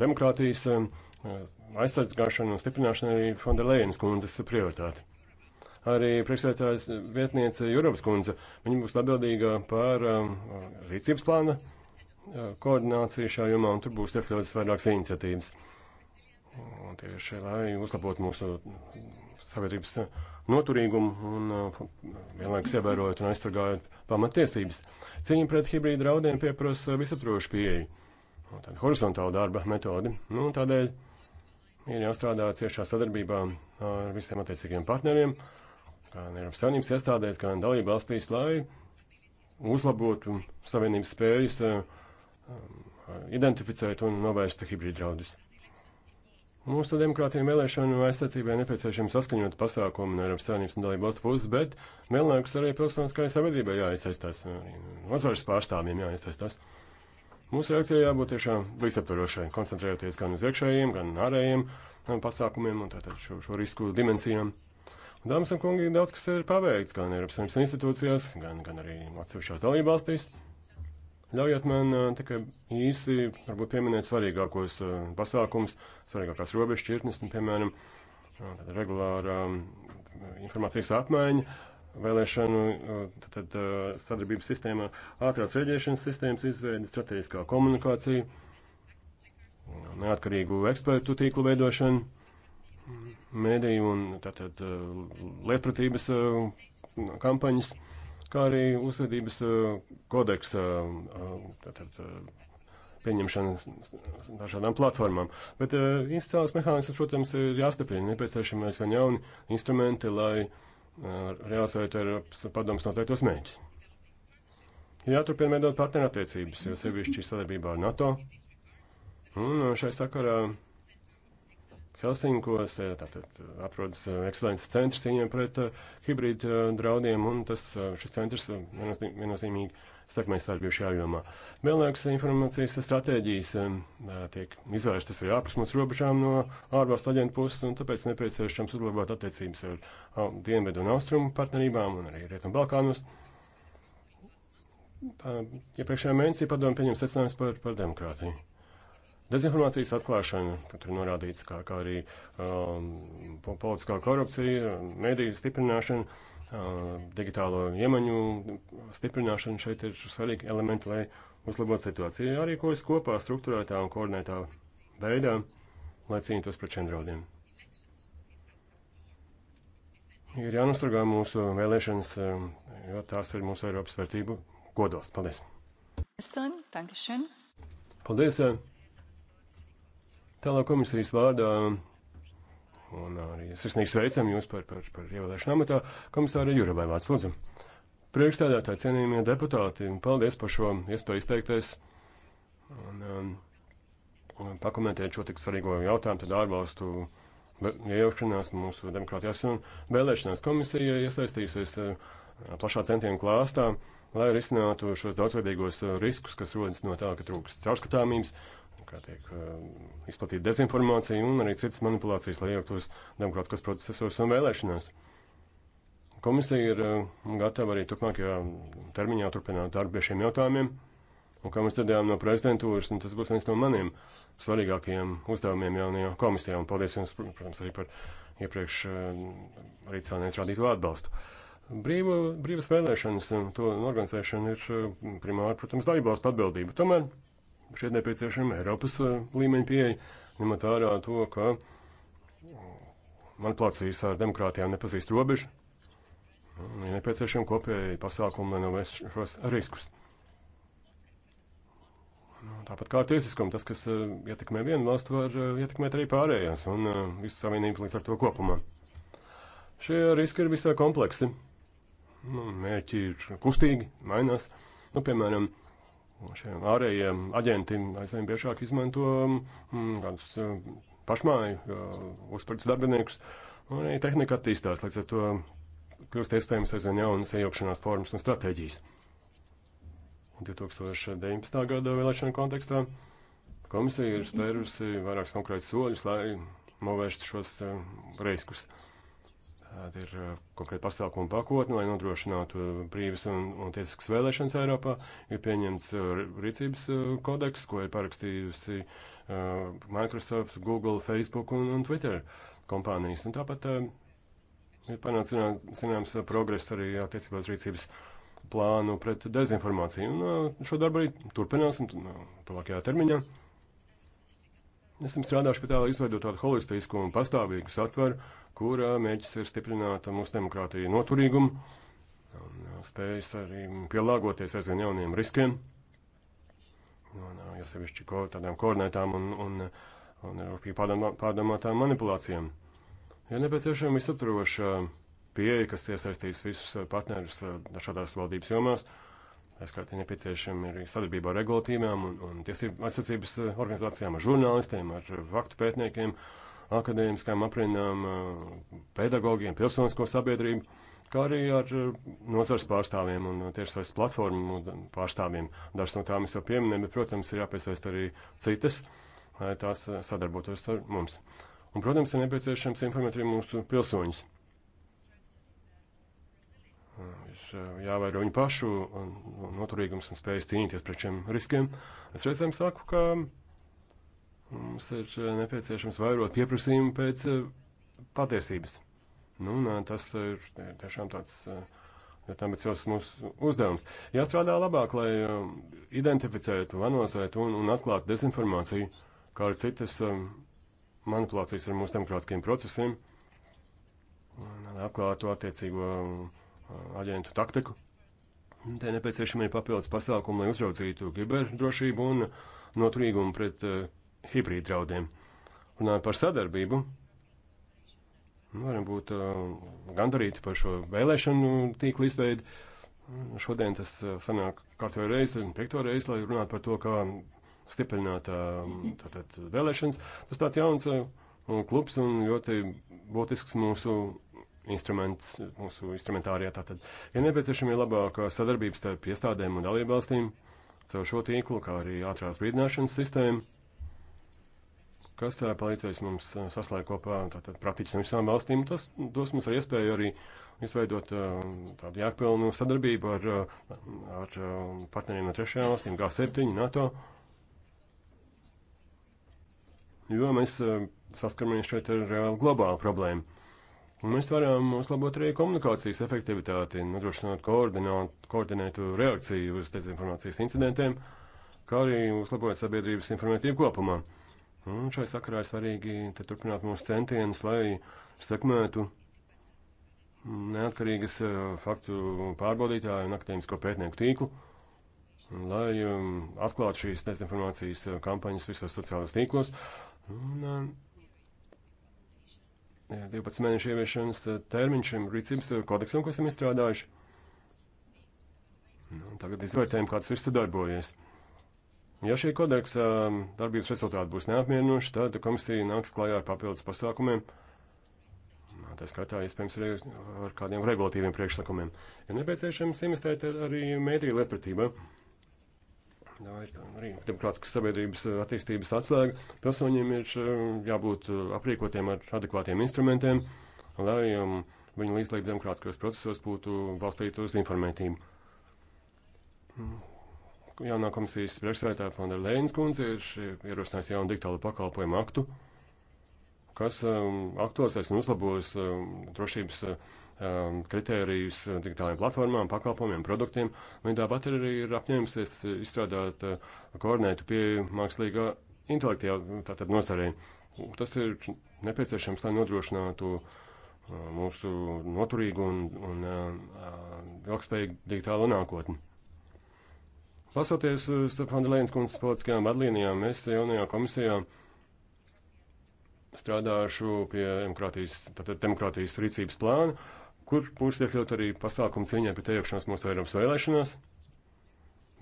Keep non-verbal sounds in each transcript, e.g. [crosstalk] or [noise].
demokrātijas eh, aizsardzgāšana un stiprināšana arī Fonderlejas kundzes prioritāte. Arī priekšsētājs vietniece Jurovas kundze, viņa būs atbildīga par eh, rīcības plāna eh, koordināciju šajā jomā, un tur būs iekļautas vairākas iniciatīvas. Un tieši lai uzlabotu mūsu sabiedrības noturīgumu un vienlaikus ievērojot un aizsargājot pamatiesības. Cīņa pret hibrīdu draudiem pieprasa visaptrošu pieeju Nu, tāda horizontāla darba metodi. Nu, tādēļ ir jāstrādā ciešā sadarbībā ar visiem attiecīgiem partneriem, gan Eiropas Savienības iestādēs, gan dalību valstīs, lai uzlabotu savienības spējas eh, eh, identificēt un novērst hibrīd draudus. Mūsu demokrātiem vēlēšanu aizsardzībai nepieciešams saskaņot pasākumu no Eiropas Savienības un dalību valstu puses, bet vienlaikus arī pilsoniskai sabiedrībai jāiesaistās, arī nozares pārstāvjiem jāiesaistās. Uh, Mūsu reakcijai jābūt tiešām visaptvarošai, koncentrējoties gan uz iekšējiem, gan ārējiem pasākumiem un tātad šo, šo risku dimensijām. Dāmas un kungi, daudz kas ir paveikts gan Eiropas Savienības institūcijās, gan, gan arī atsevišķās dalībvalstīs. Ļaujiet man tikai īsi varbūt, pieminēt svarīgākos pasākumus, svarīgākās robežšķirtnes, piemēram, regulāra informācijas apmaiņa vēlēšanu tad, tad, sadarbības sistēmā, ātrās rēģēšanas sistēmas izveidi, strateģiskā komunikācija, neatkarīgu ekspertu tīklu veidošanu, mēdīju un tātad lietpratības kampaņas, kā arī uzvedības kodeksa tātad, pieņemšana dažādām platformām. Bet institucionāls mehānisms, protams, ir jāstiprina, nepieciešamais gan jauni instrumenti, lai uh, realizēt Eiropas padomus noteiktos mērķus. Jāturpina veidot partnerattiecības, jo sevišķi sadarbībā ar NATO. Un uh, šai sakarā Helsinkos, e, tātad e, atrodas e, ekscelences centrs cīņā pret hibrīd draudiem, un tas, šis centrs viennozīmīgi sekmēs darbību šajā jomā. Vienlaikus informācijas stratēģijas tiek izvērstas arī ārpus mūsu robežām no ārvalstu aģentu puses, un tāpēc nepieciešams uzlabot attiecības ar Dienvedu un Austrumu partnerībām un arī Rietumu Balkānus. Iepriekšējā ja mēnesī padomu pieņems secinājums par, par demokrātiju dezinformācijas atklāšana, ka tur norādīts, kā, kā arī um, politiskā korupcija, mediju stiprināšana, uh, digitālo iemaņu stiprināšana šeit ir svarīgi elementi, lai uzlabotu situāciju. Arī ko es kopā struktūrētā un koordinētā veidā, lai cīnītos pret šiem draudiem. Ir jānosargā mūsu vēlēšanas, um, jo tās ir mūsu Eiropas vērtību godos. Paldies! Paldies! Uh, Tālāk komisijas vārdā un arī sirsnīgi sveicam jūs par, par, par ievēlēšanu amatā komisāra Juravai Vārts Lūdzu. Priekšstādātāji, cienījamie deputāti, paldies par šo iespēju izteikties un, um, un pakomentēt šo tik svarīgo jautājumu, tad ārbalstu iejaukšanās mūsu demokrātijās un vēlēšanās komisija iesaistījusies uh, plašā centienu klāstā, lai risinātu šos daudzveidīgos uh, riskus, kas rodas no tā, ka trūkst caurskatāmības kā tiek eh, izplatīta dezinformācija un arī citas manipulācijas, lai iekļūtos demokrātiskos procesos un vēlēšanās. Komisija ir eh, gatava arī turpmākajā termiņā turpināt darbu pie šiem jautājumiem, un kā mēs dzirdējām no prezidentūras, un tas būs viens no maniem svarīgākajiem uzdevumiem jaunajā komisijā, un paldies jums, protams, arī par iepriekš eh, arī cēlnieks rādīto atbalstu. Brīva, brīvas vēlēšanas, to organizēšana ir primāri, protams, daļbalstu atbildība. Tomēr Šeit nepieciešama Eiropas eh, līmeņa pieeja, ņemot vērā to, ka manipulācijas ar demokrātijām nepazīst robežu. Ir ja nepieciešama kopēja pasākuma, lai novērstu šos riskus. Nu, tāpat kā ar tiesiskumu, tas, kas eh, ietekmē vienu valstu, var eh, ietekmēt arī pārējās un visu savienību līdz ar to kopumā. Šie riski ir visai kompleksi. Nu, mērķi ir kustīgi, mainās. Nu, piemēram, šiem ārējiem aģentiem aizvien biežāk izmanto kādus mm, eh, pašmāju eh, uzpērts darbiniekus, un arī tehnika attīstās, līdz ar to kļūst iespējams aizvien jaunas iejaukšanās formas un stratēģijas. 2019. gada vēlēšana kontekstā komisija ir spērusi vairākus konkrētus soļus, lai novērstu šos eh, riskus. Uh, Tāda ir uh, konkrēta pasākuma pakotne, lai nodrošinātu uh, brīvas un, un tiesiskas vēlēšanas Eiropā. Ir pieņemts uh, rīcības kodeks, ko ir parakstījusi Microsoft, Google, Facebook un, un Twitter kompānijas. Un tāpat ir panācis zināms progress arī attiecībā uz rīcības plānu pret dezinformāciju. Un šo darbu arī turpināsim nu, tuvākajā termiņā. Esam strādājuši pie tā, lai izveidot tādu holistisku un pastāvīgu satveru kura mērķis ir stiprināt mūsu demokrātiju noturīgumu un uh, spējas arī pielāgoties aizvien jauniem riskiem. Un, uh, ja sevišķi ko, tādām koordinētām un, un, uh, un pārdomā, pārdomātām manipulācijām. Ja nepieciešama visaptvaroša pieeja, kas iesaistīs visus partnerus dažādās valdības jomās, tā skaitā nepieciešama arī sadarbība ar regulatīvām un, un tiesību aizsardzības organizācijām, ar žurnālistiem, ar faktu pētniekiem, uh, akadēmiskām aprindām, eh, pedagogiem, pilsonisko sabiedrību, kā arī ar eh, nozars pārstāvjiem un tiešsaistes platformu pārstāvjiem. Dažas no tām es jau pieminēju, bet, protams, ir jāpiesaist arī citas, lai tās eh, sadarbotos ar mums. Un, protams, ir nepieciešams informēt arī mūsu pilsoņus jāvēro viņu pašu un, un noturīgums un spējas cīnīties pret šiem riskiem. Es reizēm saku, ka Mums ir eh, nepieciešams vairot pieprasījumu pēc eh, patiesības. Nu, nā, eh, tas ir tiešām tāds ļoti ambiciozs mūsu uzdevums. Jāstrādā labāk, lai identificētu, vanozētu un, un atklātu dezinformāciju, kā arī citas manipulācijas ar mūsu demokrātiskiem procesiem, atklātu attiecīgo aģentu taktiku. Te nepieciešami ir papildus pasākumi, lai uzraudzītu kiberdrošību un noturīgumu pret uh, hibrīd draudiem. Runājot par sadarbību, varam būt uh, gandarīti par šo vēlēšanu tīklu izveidi. Šodien tas uh, sanāk kārtējo reizi, piekto reizi, lai runātu par to, kā stiprināt uh, tātad vēlēšanas. Tas tāds jauns uh, klubs un ļoti būtisks mūsu instruments, mūsu instrumentārijā. Tātad, ja nepieciešami ir labāka sadarbības starp iestādēm un dalībvalstīm, caur šo tīklu, kā arī ātrās brīdināšanas sistēmu, kas eh, palīdzēs mums eh, saslēgt kopā praktiski visām valstīm. Tas dos mums arī iespēju arī izveidot eh, tādu jēgpilnu sadarbību ar, ar partneriem no trešajām valstīm, G7, NATO. Jo mēs saskaramies šeit ar reāli globālu problēmu. Un mēs varam uzlabot arī komunikācijas efektivitāti, nodrošināt koordinētu reakciju uz dezinformācijas incidentiem, kā arī uzlabot sabiedrības informētību kopumā. Uh, Un šai sakarā ir svarīgi turpināt mūsu centienus, lai sekmētu neatkarīgas eh, faktu pārbaudītāju un akadēmisko pētnieku tīklu, lai um, atklātu šīs dezinformācijas eh, kampaņas visos sociālajos tīklos. Un, 12 eh, mēnešu ieviešanas termiņš šim rīcības kodeksam, ko esam izstrādājuši. Nu, tagad izvērtējam, kāds viss darbojas. Ja šī kodeksa um, darbības rezultāti būs neapmierinoši, tad komisija nāks klajā ar papildus pasākumiem. Nu, tā skaitā, iespējams, arī ar kādiem regulatīviem priekšlikumiem. Ir ja nepieciešams investēt arī mēdīju lietpratība. Tā ir arī demokrātiskas sabiedrības uh, attīstības atslēga. Pilsoņiem ir um, jābūt uh, aprīkotiem ar adekvātiem instrumentiem, lai um, viņu līdzdalība demokrātiskajos procesos būtu balstīta uz informētību. Mm jaunā komisijas priekšsēdētāja Fonda Lēnas kundze ir ierosinājusi jaunu digitālu pakalpojumu aktu, kas um, aktualizēs un uzlabos um, drošības um, kritērijus digitālajām platformām, pakalpojumiem, produktiem. Un tāpat arī ir apņēmusies izstrādāt uh, koordinētu pieeju mākslīgā intelektijā, tātad nozarē. Tas ir nepieciešams, lai nodrošinātu uh, mūsu noturīgu un, un uh, uh ilgspējīgu digitālo nākotni. Pasoties uz Fondelēnas kundzes politiskajām vadlīnijām, es jaunajā komisijā strādāšu pie demokrātijas, tātad demokrātijas rīcības plāna, kur būs iekļaut arī pasākumu cīņā pie teikšanās mūsu Eiropas vēlēšanās.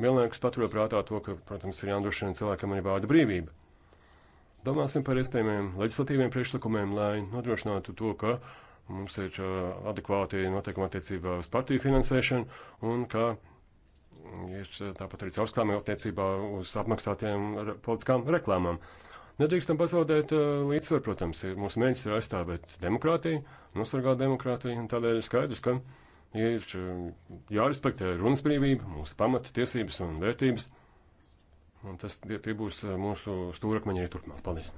Vienlaikus paturot prātā to, ka, protams, ir jānodrošina cilvēkam arī vārda brīvība. Domāsim par iespējamiem leģislatīviem priekšlikumiem, lai nodrošinātu to, ka mums ir uh, adekvāti noteikumi attiecībā uz partiju finansēšanu un ka ir eh, tāpat arī caurskatāmība attiecībā uz apmaksātiem politiskām reklāmām. Nedrīkstam pazaudēt eh, līdzsvaru, protams, ir, mūsu mērķis ir aizstāvēt demokrātiju, nosargāt demokrātiju, un tādēļ ir skaidrs, ka ir eh, jārespektē runas brīvība, mūsu pamata tiesības un vērtības. Un tas tie, tie būs mūsu stūrakmeņi arī turpmāk. Paldies!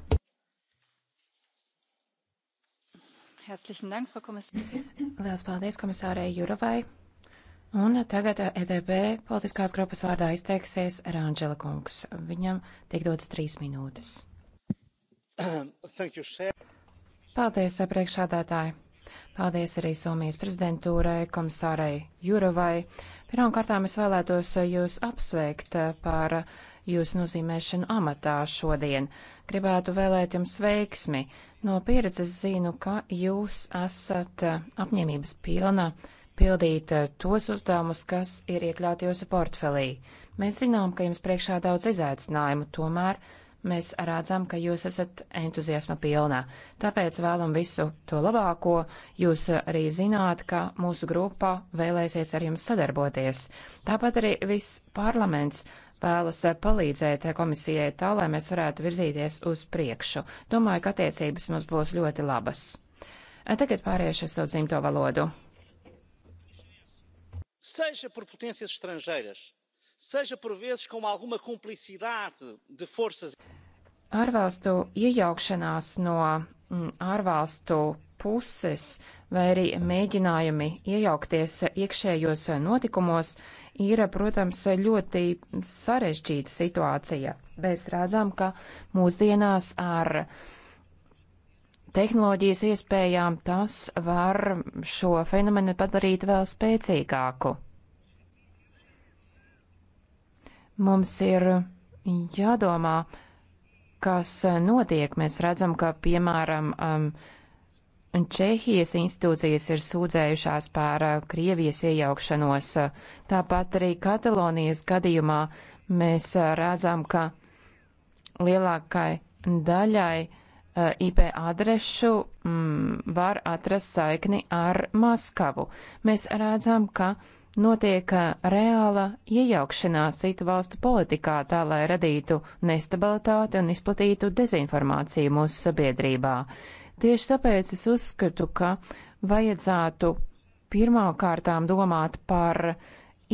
Herzlichen Dank, Frau Kommissarin. Lielas paldies komisārai Juravai. Un tagad ETP politiskās grupas vārdā izteiksies Rāņģela kungs. Viņam tiek dotas trīs minūtes. [clears throat] Paldies, priekšādātāji! Paldies arī Somijas prezidentūrai, komisārai Jurovai. Pirmkārtām es vēlētos jūs apsveikt par jūsu nozīmēšanu amatā šodien. Gribētu vēlēt jums veiksmi. No pieredzes zinu, ka jūs esat apņēmības pilna pildīt eh, tos uzdevumus, kas ir iekļauti jūsu portfelī. Mēs zinām, ka jums priekšā daudz izaicinājumu, tomēr mēs rādzam, ka jūs esat entuziasma pilnā. Tāpēc vēlam visu to labāko. Jūs eh, arī zināt, ka mūsu grupa vēlēsies ar jums sadarboties. Tāpat arī viss parlaments vēlas eh, palīdzēt komisijai tā, lai mēs varētu virzīties uz priekšu. Domāju, ka attiecības mums būs ļoti labas. Tagad pāriešu uz savu dzimto valodu seja por potências estrangeiras, seja por vezes com alguma cumplicidade de forças. Ārvalstu iejaukšanās no mm, ārvalstu puses vai arī mēģinājumi iejaukties iekšējos notikumos ir, protams, ļoti sarežģīta situācija. Mēs redzam, ka mūsdienās ar uh, tehnoloģijas iespējām, tas var šo fenomenu padarīt vēl spēcīgāku. Mums ir jādomā, kas notiek. Mēs redzam, ka, piemēram, um, Čehijas institūcijas ir sūdzējušās par uh, Krievijas iejaukšanos. Tāpat arī Katalonijas gadījumā mēs uh, redzam, ka lielākai daļai Eh, IP adrešu m, mm, var atrast saikni ar Maskavu. Mēs redzam, ka notiek eh, reāla iejaukšanās citu valstu politikā tā, lai radītu nestabilitāti un izplatītu dezinformāciju mūsu sabiedrībā. Tieši tāpēc es uzskatu, ka vajadzētu pirmkārtām domāt par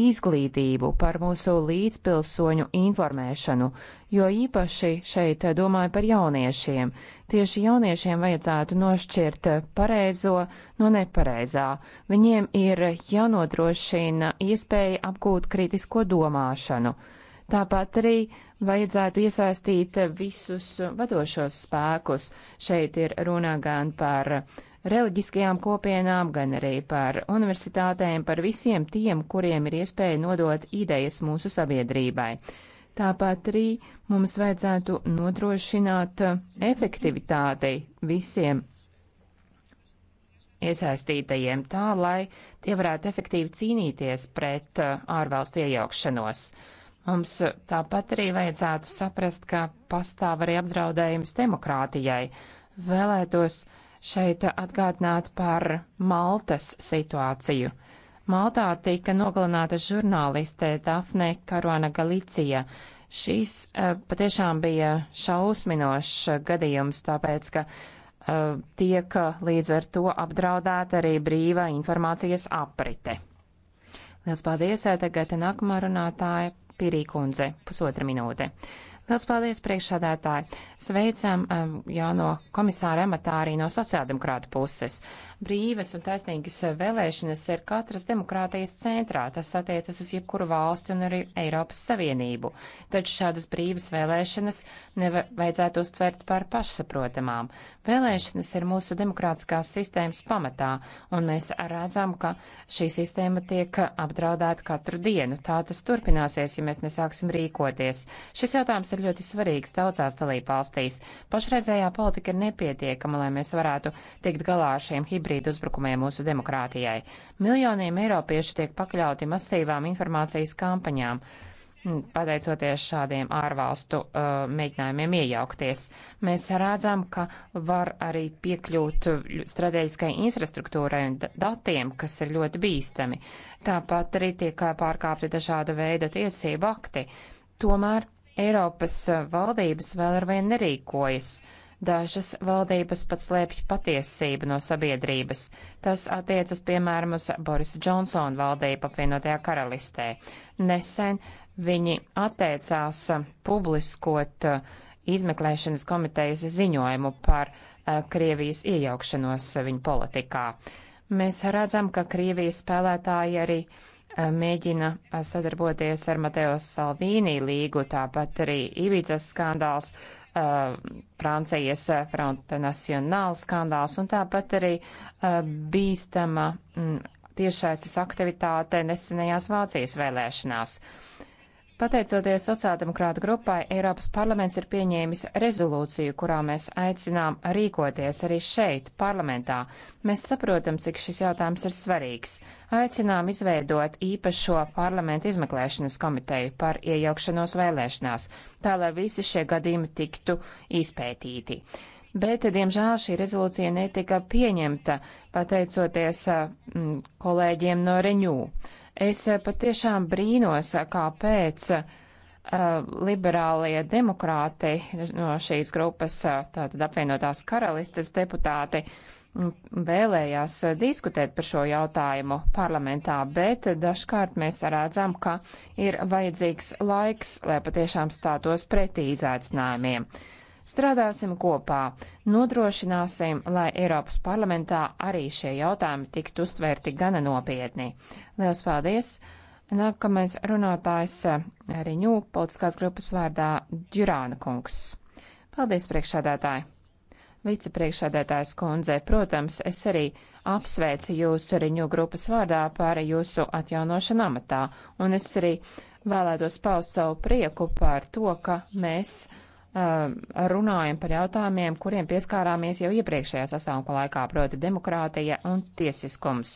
izglītību, par mūsu līdzpilsoņu informēšanu, jo īpaši šeit eh, domāju par jauniešiem. Tieši jauniešiem vajadzētu nošķirt pareizo no nepareizā. Viņiem ir jānodrošina iespēja apgūt kritisko domāšanu. Tāpat arī vajadzētu iesaistīt visus vadošos spēkus. Šeit ir runā gan par reliģiskajām kopienām, gan arī par universitātēm, par visiem tiem, kuriem ir iespēja nodot idejas mūsu sabiedrībai. Tāpat arī mums vajadzētu nodrošināt uh, efektivitāti visiem iesaistītajiem tā, lai tie varētu efektīvi cīnīties pret uh, ārvalstu iejaukšanos. Mums uh, tāpat arī vajadzētu saprast, ka pastāv arī apdraudējums demokrātijai. Vēlētos šeit atgādināt par Maltas situāciju. Maltā tika nogalināta žurnāliste Dafne Karuana Galicija. Šīs uh, eh, patiešām bija šausminošs gadījums, tāpēc, ka uh, tiek līdz ar to apdraudēta arī brīva informācijas aprite. Liels paldies, eh, tagad nākamā runātāja Pirī kundze, pusotra minūte. Liels paldies priekšsādātāji. Sveicam um, jauno komisāru amatā arī no sociāldemokrāta puses. Uh, Brīvas un taisnīgas vēlēšanas ir katras demokrātijas centrā. Tas attiecas uz jebkuru valsti un arī Eiropas Savienību. Taču šādas brīvas vēlēšanas nevajadzētu uztvert par pašsaprotamām. Vēlēšanas ir mūsu demokrātiskās sistēmas pamatā, un mēs redzam, ka šī sistēma tiek apdraudēta katru dienu. Tā tas turpināsies, ja mēs nesāksim rīkoties. Šis jautājums ir ļoti svarīgs daudzās dalībvalstīs. Pašreizējā politika ir nepietiekama, lai mēs varētu tikt galā ar šiem hibrīdiem hībrīdu uzbrukumiem mūsu demokrātijai. Miljoniem eiropiešu tiek pakļauti masīvām informācijas kampaņām, pateicoties šādiem ārvalstu uh, mēģinājumiem iejaukties. Mēs redzam, ka var arī piekļūt strateģiskai infrastruktūrai un datiem, kas ir ļoti bīstami. Tāpat arī tiek uh, pārkāpti dažāda veida tiesību akti. Tomēr Eiropas uh, valdības vēl ar vien nerīkojas. Uh, Dažas valdības pat slēpj patiesību no sabiedrības. Tas attiecas, piemēram, uz Borisa Džonsona valdību apvienotajā karalistē. Nesen viņi atteicās publiskot uh, izmeklēšanas komitejas ziņojumu par uh, Krievijas iejaukšanos viņu politikā. Mēs redzam, ka Krievijas spēlētāji arī uh, mēģina sadarboties ar Mateo Salvīnī līgu, tāpat arī Ibīcas skandāls Uh, Francijas Front National skandāls un tāpat arī uh, bīstama mm, tiešaisas aktivitāte nesenajās Vācijas vēlēšanās. Uh, Pateicoties sociāldemokrāta grupai, Eiropas parlaments ir pieņēmis rezolūciju, kurā mēs aicinām rīkoties arī šeit, parlamentā. Mēs saprotam, cik šis jautājums ir svarīgs. Aicinām izveidot īpašo parlamentu izmeklēšanas komiteju par iejaukšanos vēlēšanās, tā lai visi šie gadījumi tiktu izpētīti bet, diemžēl, šī rezolūcija netika pieņemta pateicoties kolēģiem no Reņū. Es eh, patiešām brīnos, eh, kāpēc uh, liberālie demokrāti no šīs grupas, tātad apvienotās karalistes deputāti, vēlējās diskutēt par šo jautājumu parlamentā, bet dažkārt mēs redzam, ka ir vajadzīgs laiks, lai patiešām stātos pretī izaicinājumiem. Uh, Strādāsim kopā, nodrošināsim, lai Eiropas parlamentā arī šie jautājumi tiktu uztvērti gana nopietni. Lielas paldies! Nākamais runātājs eh, Riņū politiskās grupas vārdā Džurāna kungs. Paldies, priekšādātāji! Vicepriekšādātājs kundze, protams, es arī apsveicu jūs Riņu grupas vārdā par jūsu atjaunošanu amatā, un es arī vēlētos paust savu prieku par to, ka mēs runājam par jautājumiem, kuriem pieskārāmies jau iepriekšējā sasaukumā laikā, proti demokrātija un tiesiskums.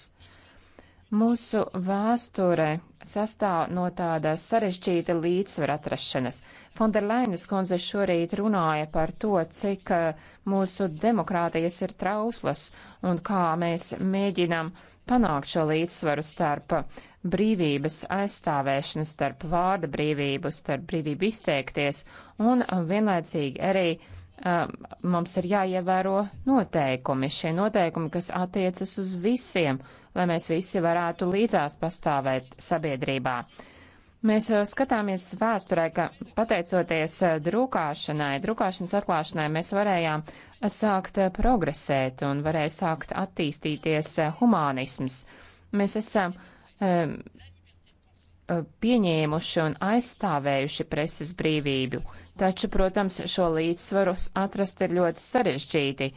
Mūsu vēsture sastāv no tāda sarežģīta līdzsvera atrašanas. Fonderlainas kundze šorīt runāja par to, cik mūsu demokrātijas ir trauslas un kā mēs mēģinam uh, panākt šo līdzsvaru starp brīvības aizstāvēšanu, starp vārda brīvību, starp brīvību izteikties un um, vienlaicīgi arī um, mums ir jāievēro noteikumi, šie noteikumi, kas attiecas uz visiem, lai mēs visi varētu līdzās pastāvēt sabiedrībā. Mēs skatāmies vēsturē, ka pateicoties drukāšanai, drukāšanas atklāšanai, mēs varējām sākt progresēt un varēja sākt attīstīties humānisms. Mēs esam um, pieņēmuši un aizstāvējuši preses brīvību, taču, protams, šo līdzsvaru atrast ir ļoti sarežģīti.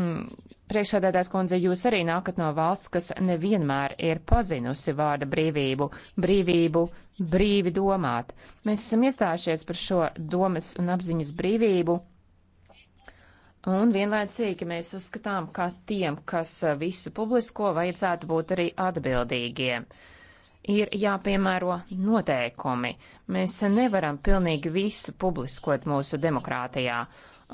Mm, Priekšādātājs kundze, jūs arī nākat no valsts, kas nevienmēr ir pazinusi vārda brīvību, brīvību brīvi domāt. Mēs esam iestājušies par šo domas un apziņas brīvību. Un vienlaicīgi mēs uzskatām, ka tiem, kas visu publisko, vajadzētu būt arī atbildīgiem. Ir jāpiemēro noteikumi. Mēs nevaram pilnīgi visu publiskot mūsu demokrātijā.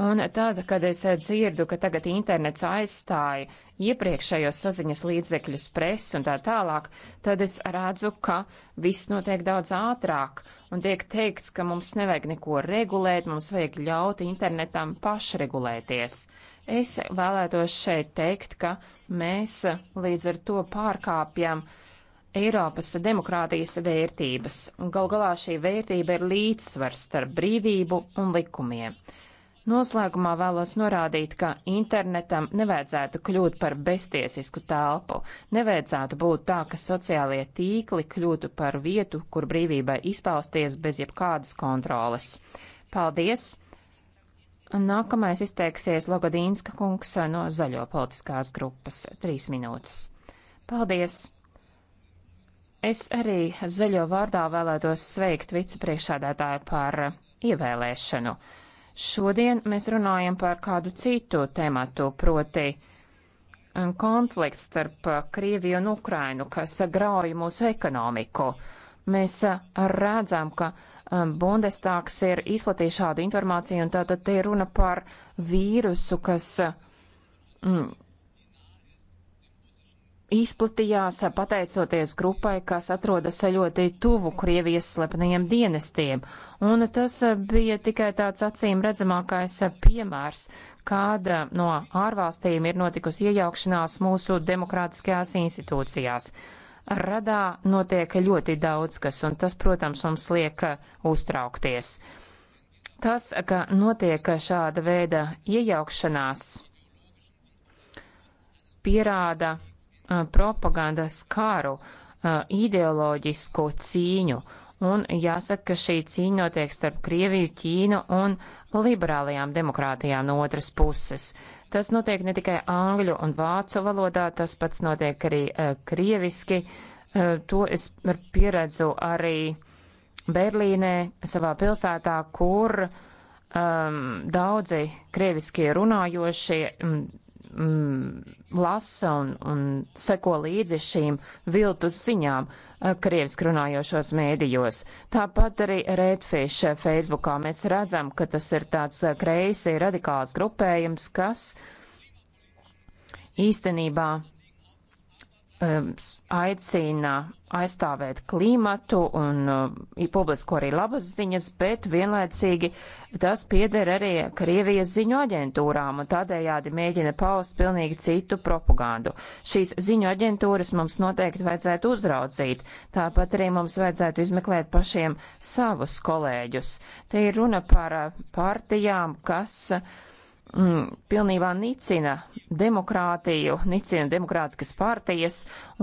Un tad, kad es dzirdu, ka tagad internets aizstāja iepriekšējos saziņas līdzekļus, presi un tā tālāk, tad es redzu, ka viss notiek daudz ātrāk un tiek teikts, ka mums nevajag neko regulēt, mums vajag ļaut internetam pašregulēties. Es vēlētos šeit teikt, ka mēs līdz ar to pārkāpjam Eiropas demokrātijas vērtības, un gal galā šī vērtība ir līdzsvars starp brīvību un likumiem. Noslēgumā vēlos norādīt, ka internetam nevajadzētu kļūt par beztiesisku telpu. Nevajadzētu būt tā, ka sociālie tīkli kļūtu par vietu, kur brīvībai izpausties bez jebkādas kontroles. Paldies! Nākamais izteiksies Logodīnska kungs no Zaļo politiskās grupas. Trīs minūtes. Paldies! Es arī zaļo vārdā vēlētos sveikt vicepriekšādātāju par ievēlēšanu. Šodien mēs runājam par kādu citu tematu, proti um, konflikts starp uh, Krieviju un Ukrainu, kas grauj mūsu ekonomiku. Mēs uh, redzam, ka um, Bundestāgs ir izplatījis šādu informāciju, un tātad te ir runa par vīrusu, kas mm, izplatījās pateicoties grupai, kas atrodas ļoti tuvu Krievijas slepeniem dienestiem, un tas bija tikai tāds acīm redzamākais piemērs, kāda no ārvalstīm ir notikusi iejaukšanās mūsu demokrātiskajās institūcijās. Radā notiek ļoti daudz kas, un tas, protams, mums liek uztraukties. Tas, ka notiek šāda veida iejaukšanās, pierāda Uh, propagandas karu, uh, ideoloģisku cīņu, un jāsaka, ka šī cīņa notiek starp Krieviju, Ķīnu un liberālajām demokrātijām no otras puses. Tas notiek ne tikai angļu un vācu valodā, tas pats notiek arī uh, krieviski. Uh, to es ar pieredzu arī Berlīnē, savā pilsētā, kur um, daudzi krieviskie runājošie um, mm, lasa un, un seko līdzi šīm viltus ziņām eh, krieviski runājošos mēdījos. Tāpat arī Redfish eh, Facebookā mēs redzam, ka tas ir tāds eh, kreisi radikāls grupējums, kas īstenībā Um, aicina aizstāvēt klimatu un ir um, publisko arī labas ziņas, bet vienlaicīgi tas pieder arī Krievijas ziņu aģentūrām un tādējādi mēģina paust pilnīgi citu propagandu. Šīs ziņu aģentūras mums noteikti vajadzētu uzraudzīt, tāpat arī mums vajadzētu izmeklēt pašiem savus kolēģus. Te ir runa par uh, partijām, kas uh, mm, pilnībā nicina demokrātiju, nicina demokrātiskas partijas,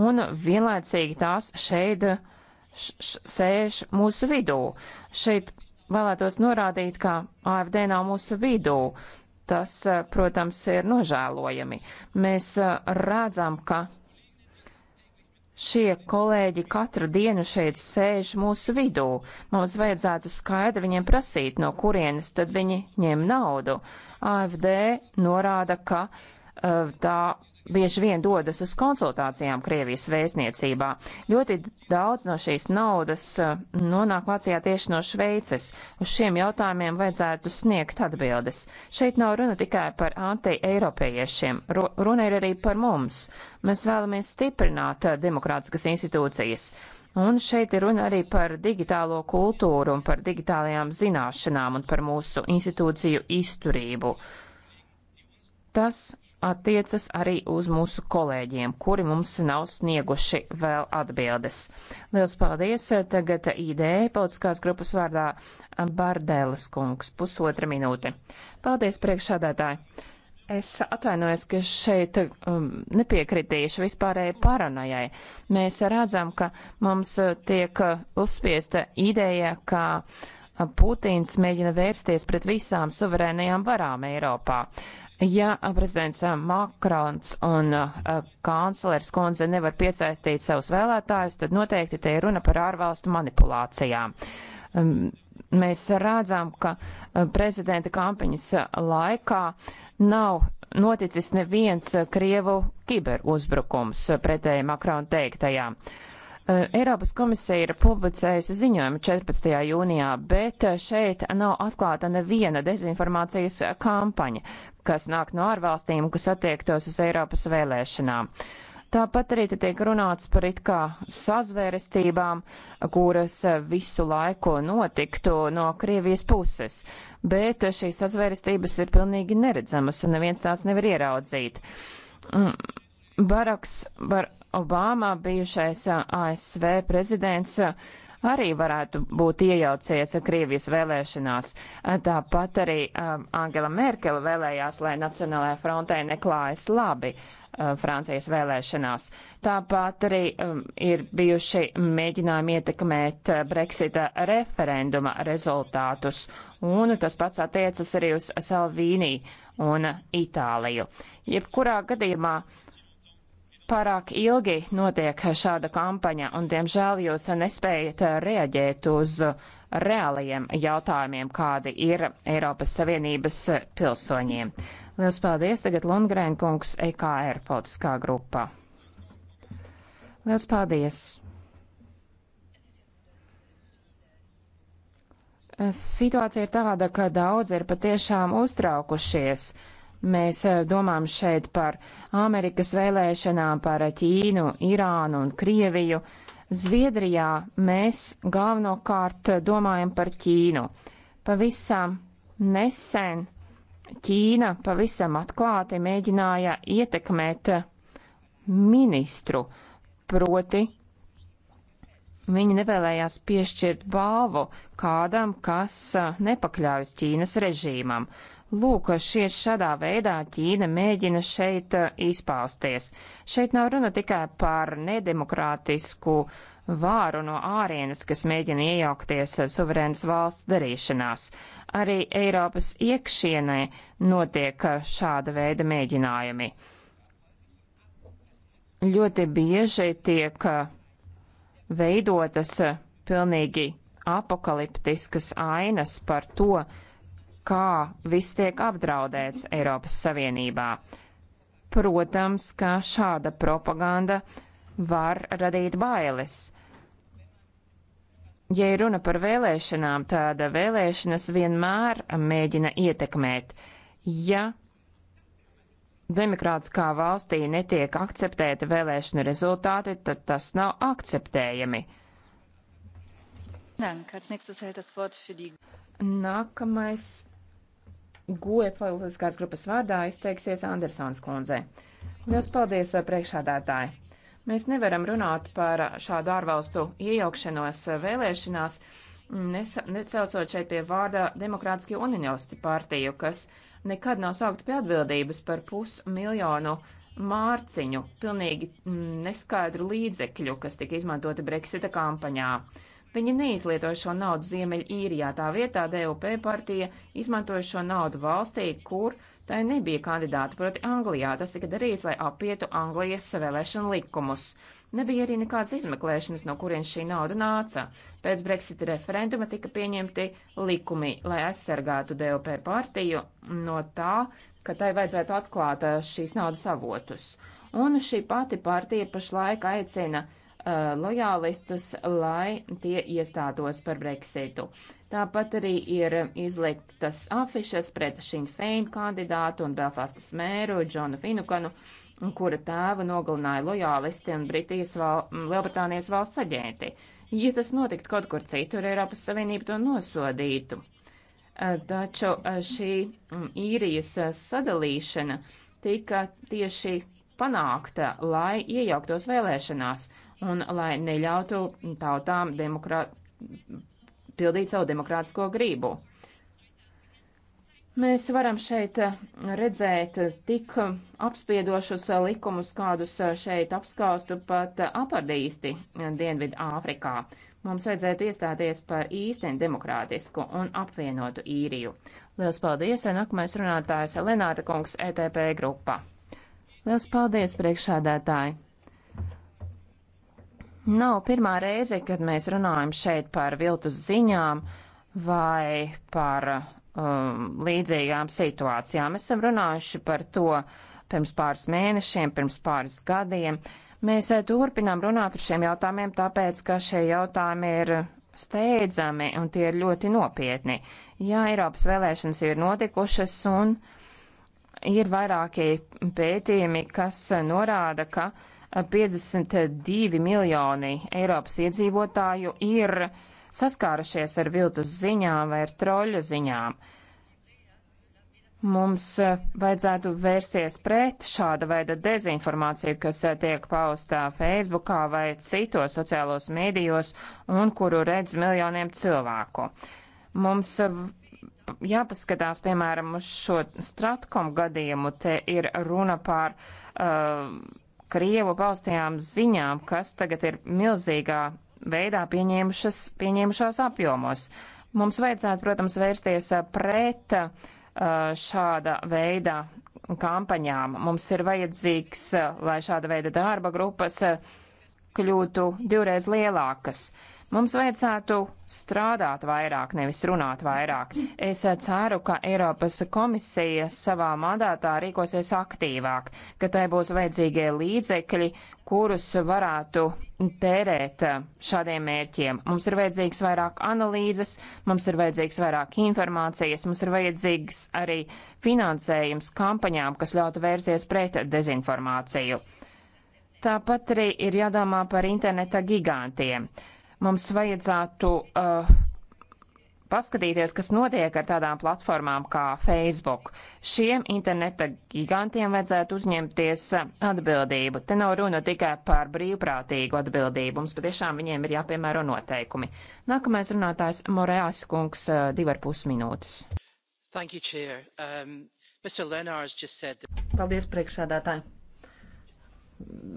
un vienlaicīgi tās šeit sēž mūsu vidū. Šeit vēlētos norādīt, ka AFD nav mūsu vidū. Tas, eh, protams, ir nožēlojami. Mēs eh, redzam, ka Šie kolēģi katru dienu šeit sēž mūsu vidū. Mums vajadzētu skaidri viņiem prasīt, no kurienes tad viņi ņem naudu. AFD norāda, ka uh, tā bieži vien dodas uz konsultācijām Krievijas vēstniecībā. Ļoti daudz no šīs naudas uh, nonāk Vācijā tieši no Šveices. Uz šiem jautājumiem vajadzētu sniegt atbildes. Šeit nav runa tikai par anti-eiropiejiešiem, runa ir arī par mums. Mēs vēlamies stiprināt uh, demokrātiskas institūcijas. Un šeit ir runa arī par digitālo kultūru un par digitālajām zināšanām un par mūsu institūciju izturību. Tas attiecas arī uz mūsu kolēģiem, kuri mums nav snieguši vēl atbildes. Liels paldies! Tagad ID politiskās grupas vārdā Bardēlis kungs, pusotra minūte. Paldies, priekšādātāji! Es atvainojos, ka šeit um, nepiekritīšu vispārējai paranojai. Mēs redzam, ka mums tiek uzspiesta ideja, ka Putins mēģina vērsties pret visām suverēnajām varām Eiropā. Ja prezidents eh, Makrons un eh, kanclers Konze nevar piesaistīt savus vēlētājus, tad noteikti te ir runa par ārvalstu manipulācijām. Mēs redzam, ka eh, prezidenta kampaņas laikā nav noticis neviens Krievu kiberuzbrukums pretēji Makrona teiktajām. Uh, Eiropas komisija ir publicējusi ziņojumu 14. jūnijā, bet šeit nav atklāta neviena dezinformācijas kampaņa, kas nāk no ārvalstīm, kas attiektos uz Eiropas vēlēšanām. Tāpat arī te tiek runāts par it kā sazvērestībām, kuras visu laiku notiktu no Krievijas puses, bet šīs sazvērestības ir pilnīgi neredzamas un neviens tās nevar ieraudzīt. Mm, Baraks, bar, Obama, bijušais ASV prezidents, arī varētu būt iejaucies Krievijas vēlēšanās. Tāpat arī Angela Merkele vēlējās, lai Nacionālajā frontē neklājas labi. Francijas vēlēšanās. Tāpat arī um, ir bijuši mēģinājumi ietekmēt Brexita referenduma rezultātus, un tas pats attiecas arī uz Salvīnī un Itāliju. Jebkurā gadījumā uh, Pārāk ilgi notiek šāda kampaņa, un, diemžēl, jūs nespējat reaģēt uz reālajiem jautājumiem, kādi ir Eiropas Savienības pilsoņiem. Lielas paldies tagad Lundgrēnkungs EKR politiskā grupā. Lielas paldies! Situācija ir tāda, ka daudzi ir patiešām uztraukušies Mēs eh, domājam šeit par Amerikas vēlēšanām, par Ķīnu, Irānu un Krieviju. Zviedrijā mēs galvenokārt domājam par Ķīnu. Pavisam nesen Ķīna pavisam atklāti mēģināja ietekmēt ministru, proti viņi nevēlējās piešķirt balvu kādam, kas nepakļaujas Ķīnas režīmam. Lūk, šie šādā veidā Ķīna mēģina šeit uh, izpausties. Šeit nav runa tikai par nedemokrātisku vāru no ārienes, kas mēģina iejaukties uh, suverēnas valsts darīšanās. Arī Eiropas iekšienē notiek uh, šāda veida mēģinājumi. Ļoti bieži tiek veidotas pilnīgi apokaliptiskas ainas par to, kā viss tiek apdraudēts Eiropas Savienībā. Protams, ka šāda propaganda var radīt bailes. Ja ir runa par vēlēšanām, tad vēlēšanas vienmēr mēģina ietekmēt. Ja demokrātiskā valstī netiek akceptēta vēlēšana rezultāti, tad tas nav akceptējami. Nākamais goja politiskās grupas vārdā izteiksies Andersons kundze. Liels paldies priekšādātāji! Mēs nevaram runāt par šādu ārvalstu iejaukšanos vēlēšanās, nesaucot šeit pie vārda Demokrātiski unionisti partiju, kas nekad nav saukt pie atbildības par pusmiljonu mārciņu, pilnīgi mm, neskaidru līdzekļu, kas tika izmantoti Brexita kampaņā. Uh, Viņi neizlietoja šo naudu Ziemeļīrijā, tā vietā DUP partija izmantoja šo naudu valstī, kur tai nebija kandidāta, proti Anglijā. Tas tika darīts, lai apietu Anglijas vēlēšanu likumus. Nebija arī nekādas izmeklēšanas, no kurienes šī nauda nāca. Pēc Brexit referenduma tika pieņemti likumi, lai aizsargātu DUP partiju no tā, ka tai vajadzētu atklāt eh, šīs naudas avotus. Un šī pati partija pašlaik aicina Uh, lojālistus, lai tie iestātos par Brexitu. Tāpat arī ir izliktas afišas pret Sinn Fein kandidātu un Belfastas mēru Džonu Finukanu, kura tēvu nogalināja lojālisti un Britijas val Lielbritānijas valsts aģenti. Ja tas notiktu kaut kur citur, Eiropas Savienība to nosodītu. Uh, taču uh, šī mm, īrijas sadalīšana tika tieši panākta, lai iejauktos vēlēšanās, un lai neļautu tautām demokrāt, pildīt savu demokrātisko grību. Mēs varam šeit redzēt tik apspiedošus likumus, kādus šeit apskaustu pat apardīsti Dienvidu Āfrikā. Mums vajadzētu iestāties par īsten demokrātisku un apvienotu īriju. Lielas paldies, nākamais runātājs Lenāta Kungs, ETP grupa. Lielas paldies, priekšādātāji! Nav pirmā reize, kad mēs runājam šeit par viltus ziņām vai par um, līdzīgām situācijām. Mēs esam runājuši par to pirms pāris mēnešiem, pirms pāris gadiem. Mēs eh, turpinām runāt par šiem jautājumiem, tāpēc, ka šie jautājumi ir steidzami un tie ir ļoti nopietni. Jā, Eiropas vēlēšanas ir notikušas un ir vairākie pētījumi, kas norāda, ka uh, 52 miljoni Eiropas iedzīvotāju ir saskārušies ar viltus ziņām vai ar troļu ziņām. Mums e, vajadzētu vērsties pret šāda veida dezinformāciju, kas e, tiek paustā Facebookā vai citos sociālos mēdījos un kuru redz miljoniem cilvēku. Mums e, jāpaskatās, piemēram, uz šo stratkom gadījumu. Te ir runa par uh, Krievu balstajām ziņām, kas tagad ir milzīgā veidā pieņēmušas, pieņēmušās apjomos. Mums vajadzētu, protams, vērsties uh, pret uh, šāda veida kampaņām. Mums ir vajadzīgs, uh, lai šāda veida darba grupas kļūtu divreiz lielākas. Uh, Mums vajadzētu strādāt vairāk, nevis runāt vairāk. Es ceru, ka Eiropas komisija savā mandātā rīkosies aktīvāk, ka tai būs vajadzīgie līdzekļi, kurus varētu tērēt šādiem mērķiem. Mums ir vajadzīgs vairāk analīzes, mums ir vajadzīgs vairāk informācijas, mums ir vajadzīgs arī finansējums kampaņām, kas ļautu vērsties pret dezinformāciju. Tāpat arī ir jādomā par interneta gigantiem. Mums vajadzētu uh, paskatīties, kas notiek ar tādām platformām kā Facebook. Šiem interneta gigantiem vajadzētu uzņemties uh, atbildību. Te nav runa tikai par brīvprātīgu atbildību. Mums patiešām viņiem ir jāpiemēro noteikumi. Nākamais runātājs Morēs kungs uh, divi ar pus minūtes. Thank you, Chair. Um, Mr. Lenārs just said. That... Paldies, priekšādātāji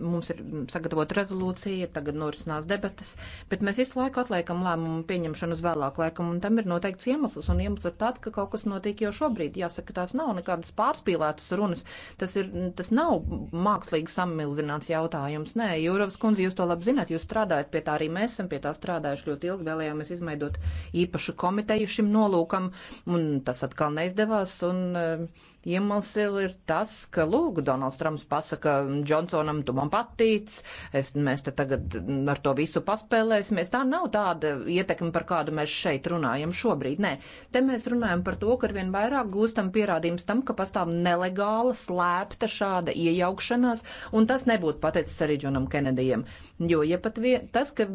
mums ir sagatavota rezolūcija, tagad norisinās debatas, bet mēs visu laiku atliekam lēmumu pieņemšanu uz vēlāku laiku, un tam ir noteikts iemesls, un iemesls ir tāds, ka kaut kas notiek jau šobrīd. Jāsaka, tās nav nekādas pārspīlētas runas, tas, ir, tas nav mākslīgi samilzināts jautājums. Nē, Jūrovs kundze, jūs to labi zināt, jūs strādājat pie tā, arī mēs esam pie tā strādājuši ļoti ilgi, vēlējāmies izveidot īpašu komiteju šim nolūkam, un tas atkal neizdevās, un eh, iemesls ir tas, ka, lūk, Donalds Trumps pasaka Džonsonam, tu man patīc, es, mēs te tagad ar to visu paspēlēsimies. Tā nav tāda ietekme, par kādu mēs šeit runājam šobrīd. Nē, te mēs runājam par to, ka arvien vairāk gūstam pierādījums tam, ka pastāv nelegāla, slēpta šāda iejaukšanās, un tas nebūtu pateicis arī Džonam Kenedijam. Jo, ja pat vien, tas, ka,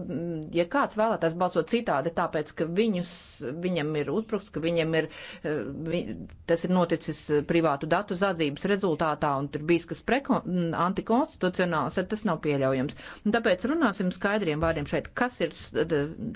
ja kāds vēlētās balsot citādi, tāpēc, ka viņus, viņam ir uzbrukts, ka viņam ir, eh, vi, tas ir noticis privātu datu zādzības rezultātā un tur bijis kas pre, antikonstitucionāls, signāls, tad tas nav pieļaujams. Un tāpēc runāsim skaidriem vārdiem šeit, kas ir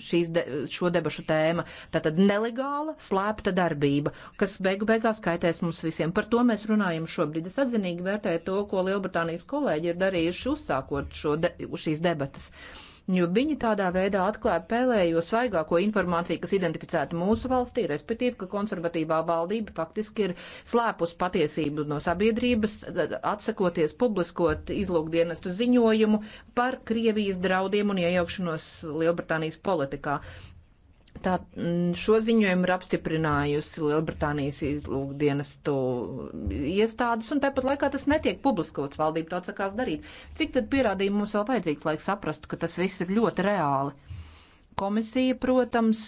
šīs de, šo debašu tēma. Tātad nelegāla, slēpta darbība, kas beigu beigās kaitēs mums visiem. Par to mēs runājam šobrīd. Es atzinīgi vērtēju to, ko Lielbritānijas kolēģi ir darījuši uzsākot šo de, šīs debatas. Uh, jo viņi tādā veidā atklāja pēlējo svaigāko informāciju, kas identificēta mūsu valstī, respektīvi, ka konservatīvā valdība faktiski ir slēpus patiesību no sabiedrības, atsakoties publiskot izlūkdienestu ziņojumu par Krievijas draudiem un iejaukšanos Lielbritānijas politikā. Tā, mm, šo ziņojumu ir apstiprinājusi Lielbritānijas izlūkdienestu iestādes, un tāpat laikā tas netiek publiskots. Valdība to atsakās darīt. Cik tad pierādījumu mums vēl vajadzīgs, lai saprastu, ka tas viss ir ļoti reāli? Komisija, protams,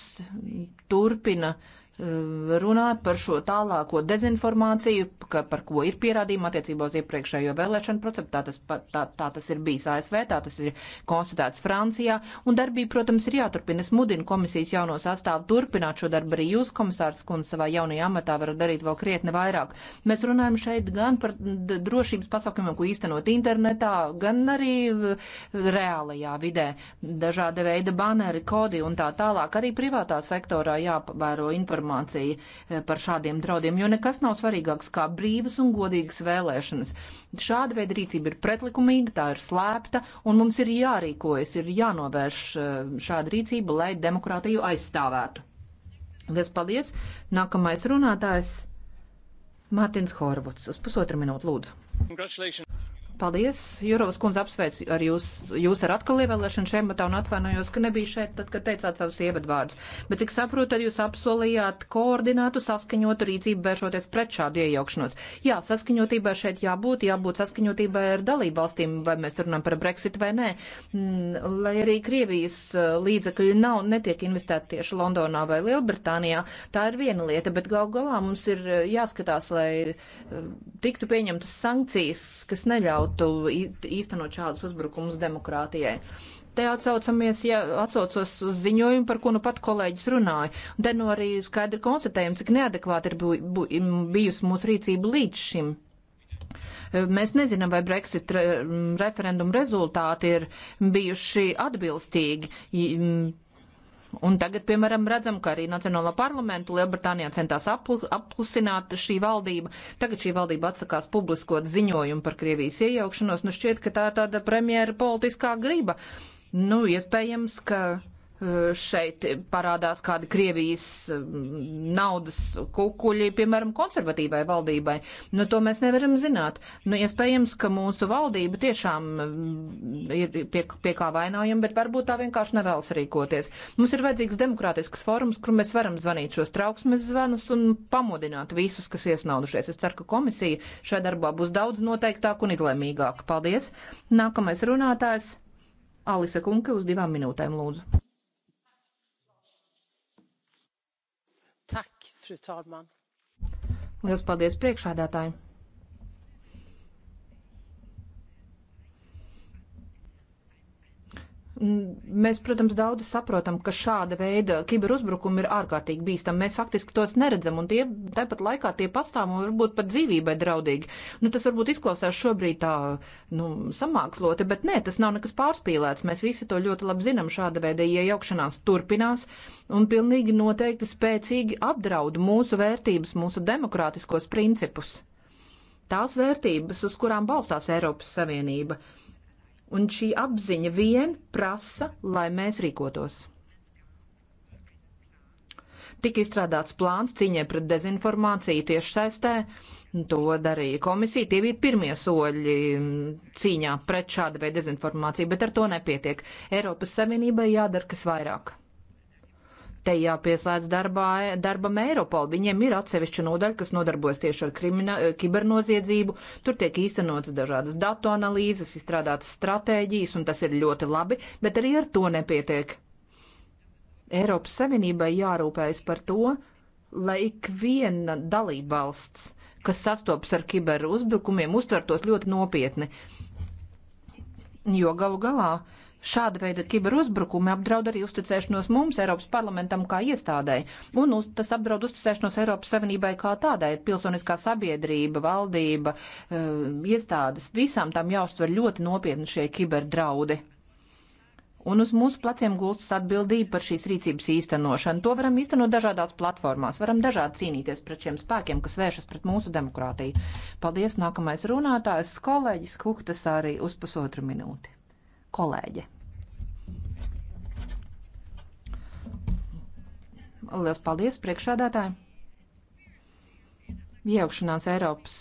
turpina uh, runāt par šo tālāko dezinformāciju, ka, par ko ir pierādījumi attiecībā uz iepriekšējo vēlēšanu procesu. Tā tas, tā, tā tas ir bijis ASV, tā tas ir konstatēts Francijā, un darbība, protams, ir jāturpina. Es mudinu komisijas jauno sastāvu turpināt šo darbu. Arī jūs, komisārs Kundze, savā jaunajā amatā varat darīt vēl krietni vairāk. Mēs runājam šeit gan par drošības pasākumiem, ko īstenot internetā, gan arī reālajā vidē. Dažāda veida baneri, kodi un tā tālāk. Arī privātā sektorā jāpavēro informāciju informācija eh, par šādiem draudiem, jo nekas nav svarīgāks kā brīvas un godīgas vēlēšanas. Šāda veida rīcība ir pretlikumīga, tā ir slēpta, un mums ir jārīkojas, ir jānovērš eh, šāda rīcība, lai demokrātiju aizstāvētu. Lies paldies! Nākamais runātājs Mārtiņš Horvuts uz pusotru minūtu lūdzu. Paldies, Jurovas kundze apsveic ar jūs, jūs ar atkal ievēlēšanu šajā matā un atvainojos, ka nebija šeit, tad, kad teicāt savus ievadvārdus. Bet, cik saprotu, tad jūs apsolījāt koordinātu saskaņotu rīcību vēršoties pret šādu iejaukšanos. Jā, saskaņotībā šeit jābūt, jābūt saskaņotībā ar dalību valstīm, vai mēs runājam par Brexit vai nē. Mm, lai arī Krievijas uh, līdzekļi nav, netiek investēti tieši Londonā vai Lielbritānijā, tā ir viena lieta, bet gal galā mums ir uh, jāskatās, lai uh, tiktu pieņemtas sankcijas, kas neļaut ļautu īstenot šādus uzbrukumus demokrātijai. Te atsaucamies, ja atsaucos uz ziņojumu, par ko nu pat kolēģis runāja. Te nu arī skaidri konstatējam, cik neadekvāti ir bu, bu, bijusi mūsu rīcība līdz šim. Mēs nezinām, vai Brexit re, referendumu rezultāti ir bijuši atbilstīgi Un tagad, piemēram, redzam, ka arī Nacionālā parlamenta Lielbritānijā centās apklusināt šī valdība. Tagad šī valdība atsakās publiskot ziņojumu par Krievijas iejaukšanos. Nu, šķiet, ka tā ir tāda premjera politiskā griba. Nu, iespējams, ka šeit parādās kādi Krievijas um, naudas kukuļi, piemēram, konservatīvai valdībai. Nu, to mēs nevaram zināt. Nu, iespējams, ka mūsu valdība tiešām um, ir pie, pie kā vainojama, bet varbūt tā vienkārši nevēlas rīkoties. Mums ir vajadzīgs demokrātisks forums, kur mēs varam zvanīt šos trauksmes zvanus un pamudināt visus, kas iesnaudušies. Es ceru, ka komisija šajā darbā būs daudz noteiktāka un izlēmīgāka. Paldies! Nākamais runātājs. Alise Kunke uz divām minūtēm lūdzu. Fru talman! Lielas paldies priekšādātāji! Mēs, protams, daudz saprotam, ka šāda veida kiberuzbrukumi ir ārkārtīgi bīstami. Mēs faktiski tos neredzam, un tie tāpat laikā tie pastāv un varbūt pat dzīvībai draudīgi. Nu, tas varbūt izklausās šobrīd tā nu, samāksloti, bet nē, tas nav nekas pārspīlēts. Mēs visi to ļoti labi zinām. Šāda veida iejaukšanās turpinās un pilnīgi noteikti spēcīgi apdraud mūsu vērtības, mūsu demokrātiskos principus. Tās vērtības, uz kurām balstās Eiropas Savienība. Un šī apziņa vien prasa, lai mēs rīkotos. Tik izstrādāts plāns cīņai pret dezinformāciju tieši saistē, to darīja komisija, tie bija pirmie soļi cīņā pret šādu veidu dezinformāciju, bet ar to nepietiek. Eiropas Savienībai jādara kas vairāk. Te jāpieslēdz darbā, darbam Eiropol. Viņiem ir atsevišķa nodaļa, kas nodarbojas tieši ar krimina, eh, kibernoziedzību. Tur tiek īstenotas dažādas datu analīzes, izstrādātas stratēģijas, un tas ir ļoti labi, bet arī ar to nepietiek. Eiropas Savienībai jārūpējas par to, lai ik viena dalībvalsts, kas sastopas ar kiber uzbrukumiem, uztvertos ļoti nopietni. Jo galu galā uh, Šāda veida kiberuzbrukumi apdraud arī uzticēšanos mums, Eiropas parlamentam kā iestādē, un uz, tas apdraud uzticēšanos Eiropas Savienībai kā tādai - pilsoniskā sabiedrība, valdība, e, iestādes. Visām tam jāuztver ļoti nopietni šie kiberdraudi. Un uz mūsu pleciem gulstas atbildība par šīs rīcības īstenošanu. To varam īstenot dažādās platformās, varam dažādi cīnīties pret šiem spēkiem, kas vēršas pret mūsu demokrātiju. Paldies, nākamais runātājs, kolēģis Kuhtas arī uz pusotru minūti. Kolēģe. Lielas paldies priekšādātājiem! Iejaukšanās Eiropas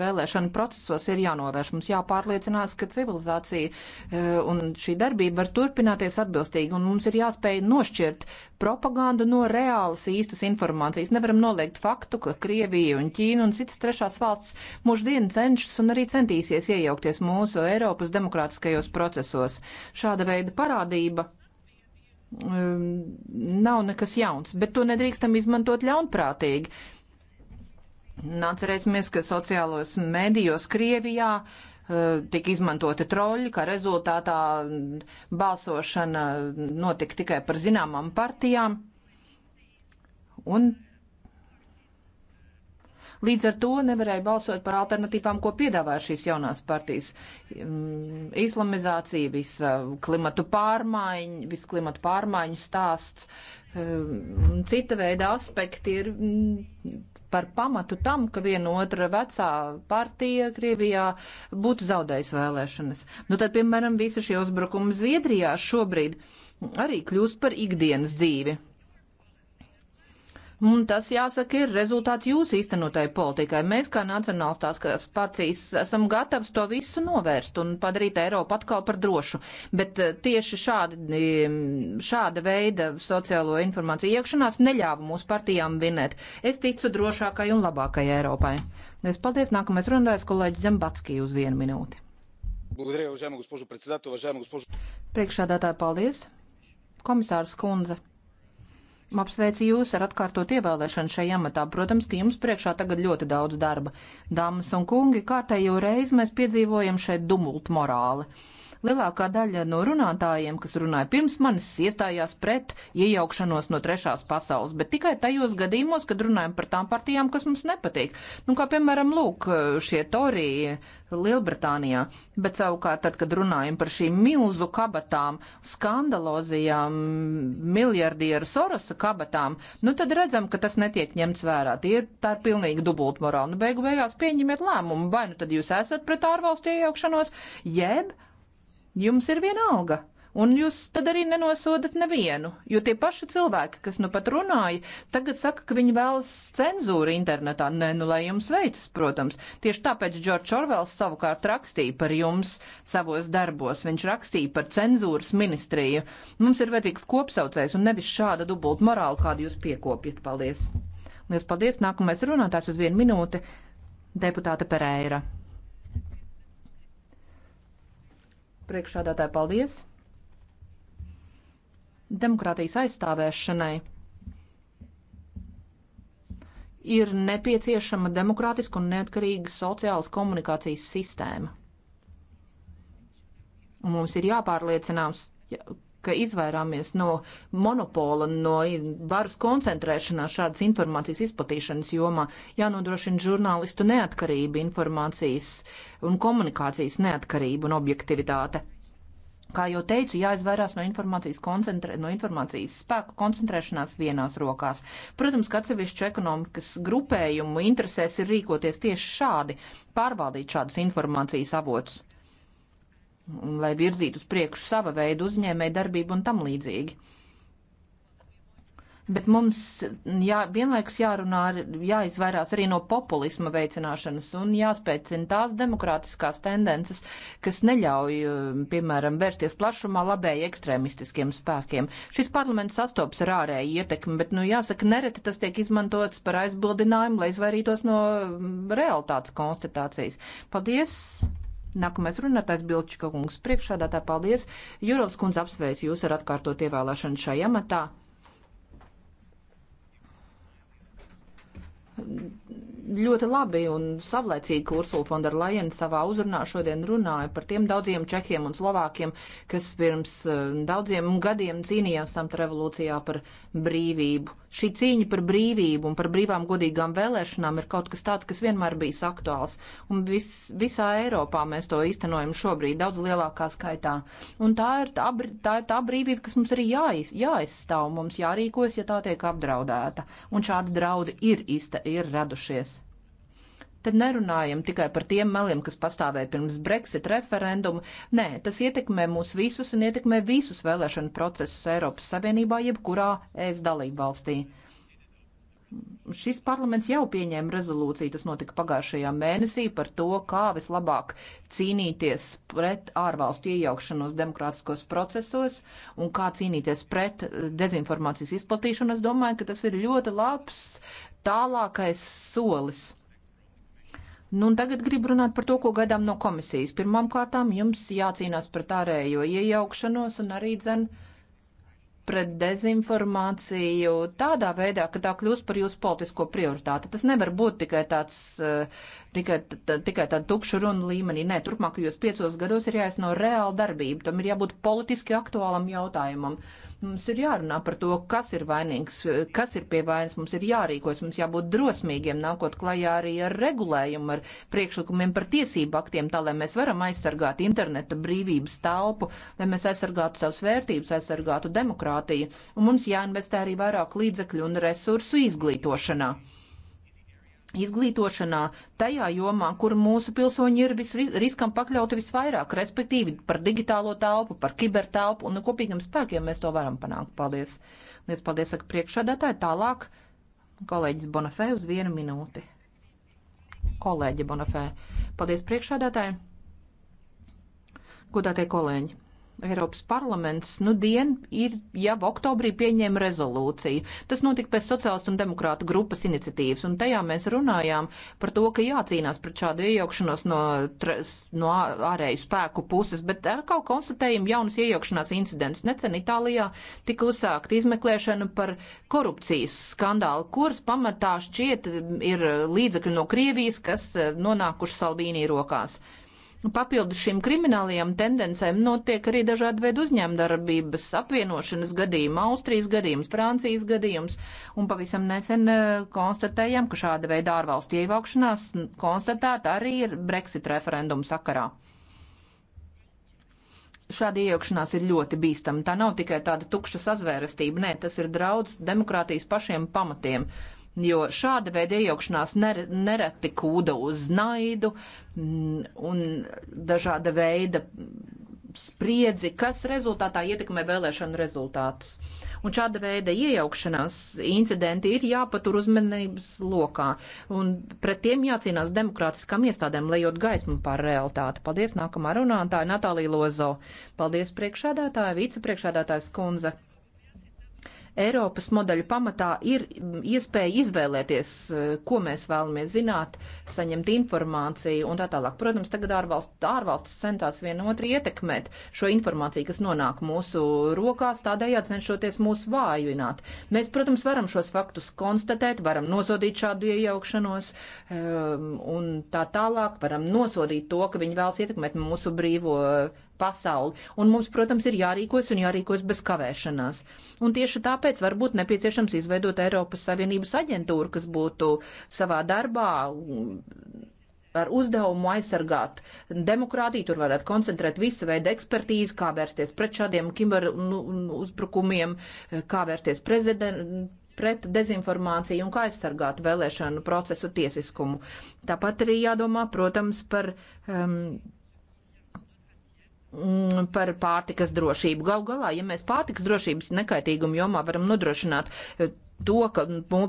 vēlēšanu procesos ir jānovērš. Mums jāpārliecinās, ka civilizācija e, un šī darbība var turpināties atbilstīgi, un mums ir jāspēj nošķirt propagandu no reālas īstas informācijas. Nevaram noliegt faktu, ka Krievija un Ķīna un citas trešās valsts mūždien cenšas un arī centīsies iejaukties mūsu Eiropas demokrātiskajos procesos. Šāda veida parādība Ehm, nav nekas jauns, bet to nedrīkstam izmantot ļaunprātīgi. Atcerēsimies, ka sociālos medijos Krievijā eh, tika izmantoti troļi, kā rezultātā balsošana notika tikai par zināmām partijām. Un Līdz ar to nevarēja balsot par alternatīvām, ko piedāvāja šīs jaunās partijas. Mm, islamizācija, visa klimatu pārmaiņa, viss klimatu pārmaiņu stāsts, mm, cita veida aspekti ir mm, par pamatu tam, ka viena otra vecā partija Krievijā būtu zaudējusi vēlēšanas. Nu tad, piemēram, visi šie uzbrukumi Zviedrijā šobrīd arī kļūst par ikdienas dzīvi. Un tas, jāsaka, ir rezultāts jūsu īstenotai politikai. Mēs, kā nacionālistās partijas, esam gatavs to visu novērst un padarīt Eiropu atkal par drošu. Bet eh, tieši šādi, mm, šāda veida sociālo informāciju iekšanās neļāva mūsu partijām vinēt. Es ticu drošākai un labākai Eiropai. Es paldies. Nākamais runājas kolēģis Zembatskī uz vienu minūti. Priekšādātāji, paldies. Komisārs Kunze. Apsveicu jūs ar atkārtot ievēlēšanu šajā amatā. Protams, ka jums priekšā tagad ļoti daudz darba. Dāmas un kungi, kārtējo reizi mēs piedzīvojam šeit dumult morāli. Lielākā daļa no runātājiem, kas runāja pirms manis, iestājās pret iejaukšanos no trešās pasaules, bet tikai tajos gadījumos, kad runājam par tām partijām, kas mums nepatīk. Nu, kā piemēram, lūk, šie torija Lielbritānijā, bet savukārt tad, kad runājam par šīm milzu kabatām, skandalozijām, miljardieru Sorosa kabatām, nu tad redzam, ka tas netiek ņemts vērā. Tie, tā ir pilnīgi dubult morāli. Nu, beigu beigās pieņemiet lēmumu, vai nu tad jūs esat pret ārvalstu iejaukšanos, jeb jums ir viena alga. Un jūs tad arī nenosodat nevienu, jo tie paši cilvēki, kas nu pat runāja, tagad saka, ka viņi vēlas cenzūru internetā. Nē, nu lai jums veicas, protams. Tieši tāpēc Džordžs Orvels savukārt rakstīja par jums savos darbos. Viņš rakstīja par cenzūras ministriju. Mums ir vajadzīgs kopsaucējs un nevis šāda dubult morāla, kādu jūs piekopjat. Paldies! Lies paldies! Nākamais runātājs uz vienu minūti - deputāte Pereira. Priekšādātāji, paldies! Demokrātijas aizstāvēšanai ir nepieciešama demokrātiska un neatkarīga sociālas komunikācijas sistēma. Un mums ir jāpārliecinās, ka izvairāmies no monopola, no varas koncentrēšanās šādas informācijas izplatīšanas jomā. Jānodrošina žurnālistu neatkarība, informācijas un komunikācijas neatkarība un objektivitāte. Kā jau teicu, jāizvairās no informācijas, no informācijas spēku koncentrēšanās vienās rokās. Protams, ka atsevišķu ekonomikas grupējumu interesēs ir rīkoties tieši šādi, pārvaldīt šādus informācijas avotus un lai virzītu uz priekšu sava veida uzņēmēju darbību un tam līdzīgi. Bet mums jā, vienlaikus jārunā, jāizvairās arī no populisma veicināšanas un jāspēcina tās demokrātiskās tendences, kas neļauj, um, piemēram, vērsties plašumā labēji ekstrēmistiskiem spēkiem. Šis parlaments sastops ar ārēju ietekmi, bet, nu, jāsaka, nereti tas tiek izmantots par aizbildinājumu, lai izvairītos no um, realitātes konstatācijas. Paldies! Nākamais runātājs Bilčiska kungs priekšādā tā paldies. Jurovs kundze apsveic jūs ar atkārtot ievēlēšanu šajā amatā ļoti labi un savlaicīgi Ursula von der Leyen savā uzrunā šodien runāja par tiem daudziem čehiem un slovākiem, kas pirms eh, daudziem gadiem cīnījās samta revolūcijā par brīvību. Šī cīņa par brīvību un par brīvām godīgām vēlēšanām ir kaut kas tāds, kas vienmēr bijis aktuāls. Un vis, visā Eiropā mēs to īstenojam šobrīd daudz lielākā skaitā. Un tā ir tā, tā, ir tā brīvība, kas mums arī jāiz, jāizstāv, mums jārīkojas, ja tā tiek apdraudēta. Un šādi draudi ir, ir radušies. Tad nerunājam tikai par tiem meliem, kas pastāvēja pirms Brexit referendumu. Nē, tas ietekmē mūs visus un ietekmē visus vēlēšanu procesus Eiropas Savienībā, jebkurā ES dalību valstī. Šis parlaments jau pieņēma rezolūciju, tas notika pagājušajā mēnesī, par to, kā vislabāk cīnīties pret ārvalstu iejaukšanos demokrātiskos procesos un kā cīnīties pret dezinformācijas izplatīšanu. Es domāju, ka tas ir ļoti labs tālākais solis Nu, un tagad gribu runāt par to, ko gaidām no komisijas. Pirmām kārtām jums jācīnās pret ārējo iejaukšanos un arī dzen pret dezinformāciju tādā veidā, ka tā kļūst par jūsu politisko prioritāti. Tas nevar būt tikai tāds, eh, tikai, tikai tāda tukša runa līmenī. Nē, turpmākajos piecos gados ir jāiesno reāla darbība. Tam ir jābūt politiski aktuālam jautājumam. Uh, Mums ir jārunā par to, kas ir vainīgs, kas ir pie vainas, mums ir jārīkojas, mums jābūt drosmīgiem, nākot klajā arī ar regulējumu, ar priekšlikumiem par tiesību aktiem, tā lai mēs varam aizsargāt interneta brīvības telpu, lai mēs aizsargātu savus vērtības, aizsargātu demokrātiju. Un mums jāinvestē arī vairāk līdzekļu un resursu izglītošanā izglītošanā, tajā jomā, kur mūsu pilsoņi ir visriskam pakļauti visvairāk, respektīvi par digitālo telpu, par kibertelpu un nu, kopīgiem spēkiem mēs to varam panākt. Paldies! Lies paldies, saka priekšsādātāji. Tālāk kolēģis Bonafē uz vienu minūti. Kolēģi Bonafē. Paldies priekšsādātāji. Godātie kolēģi! Eiropas parlaments nu dien ir jau oktobrī pieņēma rezolūciju. Tas notika pēc sociālistu un demokrātu grupas iniciatīvas, un tajā mēs runājām par to, ka jācīnās pret šādu iejaukšanos no, no ārēju spēku puses, bet atkal konstatējam jaunus iejaukšanās incidentus. Necen Itālijā tika uzsākta izmeklēšana par korupcijas skandālu, kuras pamatā šķiet ir līdzekļi no Krievijas, kas eh, nonākuši Salvīnī rokās. Papildus šīm kriminālajām tendencēm notiek arī dažādi veidi uzņēmdarbības, apvienošanas gadījumi, Austrijas gadījums, Francijas gadījums, un pavisam nesen eh, konstatējām, ka šāda veida ārvalstu iejaukšanās konstatēta arī ir Brexit referendumu sakarā. Šāda iejaukšanās ir ļoti bīstama. Tā nav tikai tāda tukša sazvērestība, nē, tas ir draudz demokrātijas pašiem pamatiem jo šāda veida iejaukšanās nereti kūda uz naidu mm, un dažāda veida spriedzi, kas rezultātā ietekmē vēlēšanu rezultātus. Un šāda veida iejaukšanās incidenti ir jāpatur uzmanības lokā, un pret tiem jācīnās demokrātiskām iestādēm, lejot gaismu pār realitāti. Paldies nākamā runātāja Natālija Lozo. Paldies priekšādātāja, vicepriekšādātājs kundze. Eiropas modeļa pamatā ir iespēja izvēlēties, eh, ko mēs vēlamies zināt, saņemt informāciju un tā tālāk. Protams, tagad ārvalstu, ārvalstis centās vienotru ietekmēt šo informāciju, kas nonāk mūsu rokās, tādējādi cenšoties mūs vājināt. Mēs, protams, varam šos faktus konstatēt, varam nosodīt šādu iejaukšanos um, un tā tālāk, varam nosodīt to, ka viņi vēlas ietekmēt mūsu brīvo pasauli. Un mums, protams, ir jārīkojas un jārīkojas bez kavēšanās. Un tieši tāpēc varbūt nepieciešams izveidot Eiropas Savienības aģentūru, kas būtu savā darbā ar uzdevumu aizsargāt demokrātiju, tur varētu koncentrēt visu veidu ekspertīzi, kā vērsties pret šādiem kiber nu, uzbrukumiem, kā vērsties prezident, pret dezinformāciju un kā aizsargāt vēlēšanu procesu tiesiskumu. Tāpat arī jādomā, protams, par um, Mm, par pārtikas drošību. Gal galā, ja mēs pārtikas drošības nekaitīgumu jomā varam nodrošināt eh, to, ka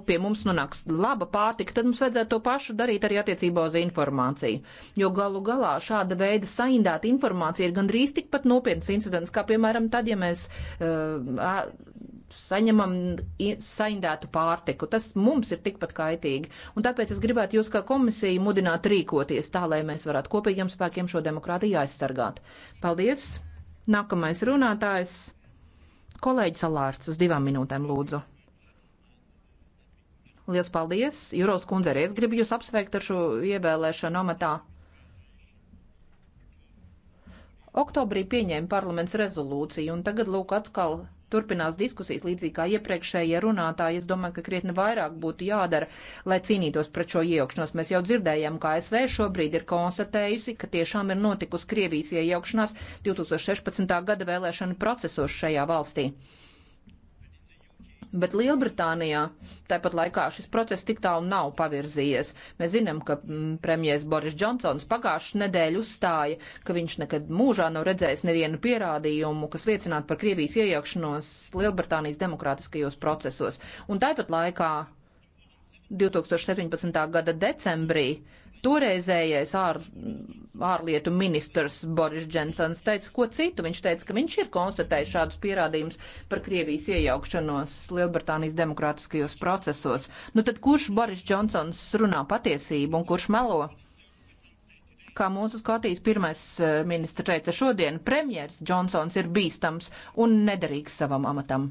pie mums nonāks laba pārtika, tad mums vajadzētu to pašu darīt arī attiecībā uz informāciju. Jo galu galā šāda veida saindēta informācija ir gandrīz tikpat nopietnas incidents, kā piemēram tad, ja mēs uh, saņemam saindētu pārtiku. Tas mums ir tikpat kaitīgi. Un tāpēc es gribētu jūs kā komisiju mudināt rīkoties tā, lai mēs varētu kopīgiem spēkiem šo demokrātiju aizsargāt. Paldies! Nākamais runātājs - kolēģis Alārts uz divām minūtēm lūdzu. Lielas paldies! Jūros kundze, arī es gribu jūs apsveikt ar šo ievēlēšanu amatā. Oktobrī pieņēma parlaments rezolūciju, un tagad lūk atkal turpinās diskusijas, līdzīgi kā iepriekšējie runātāji. Es domāju, ka krietni vairāk būtu jādara, lai cīnītos pret šo iejaukšanos. Mēs jau dzirdējām, ka ASV šobrīd ir konstatējusi, ka tiešām ir notikusi Krievijas iejaukšanās 2016. gada vēlēšanu procesos šajā valstī. Bet Lielbritānijā tāpat laikā šis process tik tālu nav pavirzījies. Mēs zinām, ka mm, premjers Boris Džonsons pagājušā nedēļa uzstāja, ka viņš nekad mūžā nav redzējis nevienu pierādījumu, kas liecinātu par Krievijas iejaukšanos Lielbritānijas demokrātiskajos procesos. Un tāpat laikā 2017. gada decembrī Toreizējais ār, ārlietu ministrs Boris Džensons teica, ko citu. Viņš teica, ka viņš ir konstatējis šādus pierādījumus par Krievijas iejaukšanos Lielbritānijas demokrātiskajos procesos. Nu tad kurš Boris Džonsons runā patiesību un kurš melo? Kā mūsu Skotijas pirmais eh, ministra teica šodien, premjers Džonsons ir bīstams un nederīgs savam amatam.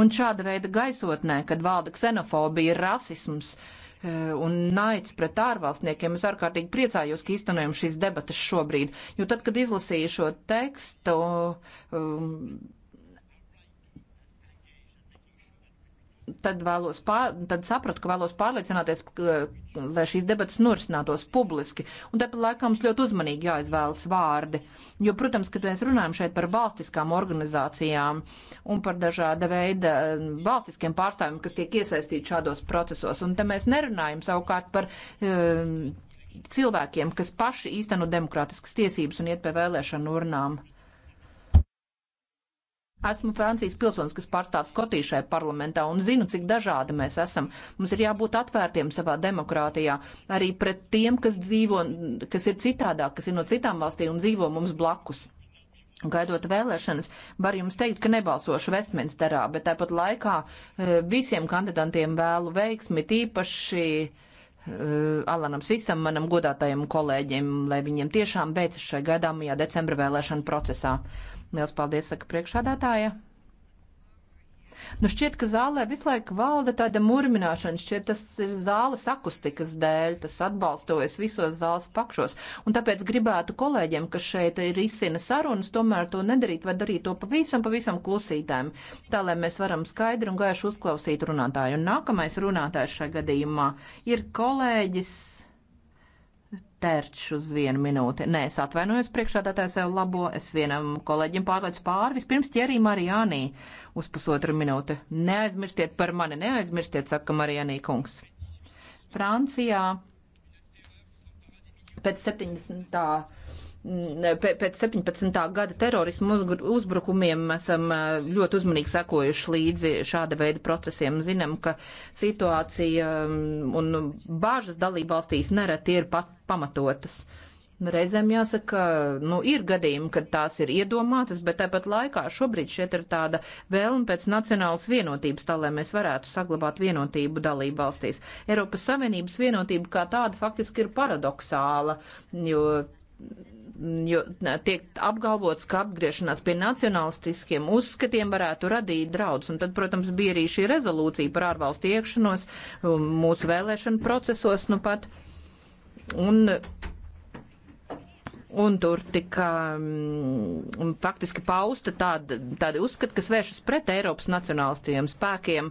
Un šāda veida gaisotnē, kad valda ksenofobija, rasisms, uh, Eh, un naids pret ārvalstniekiem. Es ārkārtīgi priecājos, ka īstenojam šīs debatas šobrīd, jo tad, kad izlasīju šo tekstu, um, tad, vēlos pār, tad sapratu, ka vēlos pārliecināties, ka, lai šīs debatas norisinātos publiski. Un tāpēc laikam mums ļoti uzmanīgi jāizvēlas vārdi. Jo, protams, kad mēs runājam šeit par valstiskām organizācijām un par dažāda veida um, valstiskiem pārstāvjiem, kas tiek iesaistīti šādos procesos, un te mēs nerunājam savukārt par. Um, cilvēkiem, kas paši īsteno demokrātiskas tiesības un iet pie vēlēšanu urnām. Esmu Francijas pilsonis, kas pārstāv Skotiju šajā parlamentā un zinu, cik dažādi mēs esam. Mums ir jābūt atvērtiem savā demokrātijā arī pret tiem, kas dzīvo, kas ir citādāk, kas ir no citām valstīm un dzīvo mums blakus. Gaidot vēlēšanas, var jums teikt, ka nebalsošu Westminsterā, bet tāpat laikā e, visiem kandidantiem vēlu veiksmi, tīpaši e, Alanam Svisam, manam godātajam kolēģim, lai viņiem tiešām beidzas šai gaidāmajā decembra vēlēšana procesā. Liels paldies, saka priekšādātāja. Nu šķiet, ka zālē visu laiku valda tāda murmināšana, šķiet tas ir zāles akustikas dēļ, tas atbalstojas visos zāles pakšos. Un tāpēc gribētu kolēģiem, kas šeit ir izsina sarunas, tomēr to nedarīt vai darīt to pavisam, pavisam klusītēm, tā lai mēs varam skaidri un gaiši uzklausīt runātāju. Un nākamais runātājs šajā gadījumā ir kolēģis. Terčs uz vienu minūti. Nē, es atvainojos priekšādātāju sev eh, labo, es vienam kolēģim pārlecu pāri, vispirms ķerī Marijānī uz pusotru minūti. Neaizmirstiet par mani, neaizmirstiet, saka Marijānī kungs. Francijā pēc 70 pēc 17. gada terorismu uzbrukumiem esam ļoti uzmanīgi sekojuši līdzi šāda veida procesiem. Zinām, ka situācija un bāžas dalībvalstīs nereti ir pat pamatotas. Reizēm jāsaka, nu, ir gadījumi, kad tās ir iedomātas, bet tāpat laikā šobrīd šeit ir tāda vēlme pēc nacionālas vienotības, tā lai mēs varētu saglabāt vienotību dalību valstīs. Eiropas Savienības vienotība kā tāda faktiski ir paradoxāla, jo jo tiek apgalvots, ka apgriešanās pie nacionalistiskiem uzskatiem varētu radīt draudus. Un tad, protams, bija arī šī rezolūcija par ārvalstu iekšanos um, mūsu vēlēšanu procesos nu pat. Un Un tur tika um, faktiski pausta tāda, tāda uzskata, kas vēršas pret Eiropas nacionālistajiem spēkiem.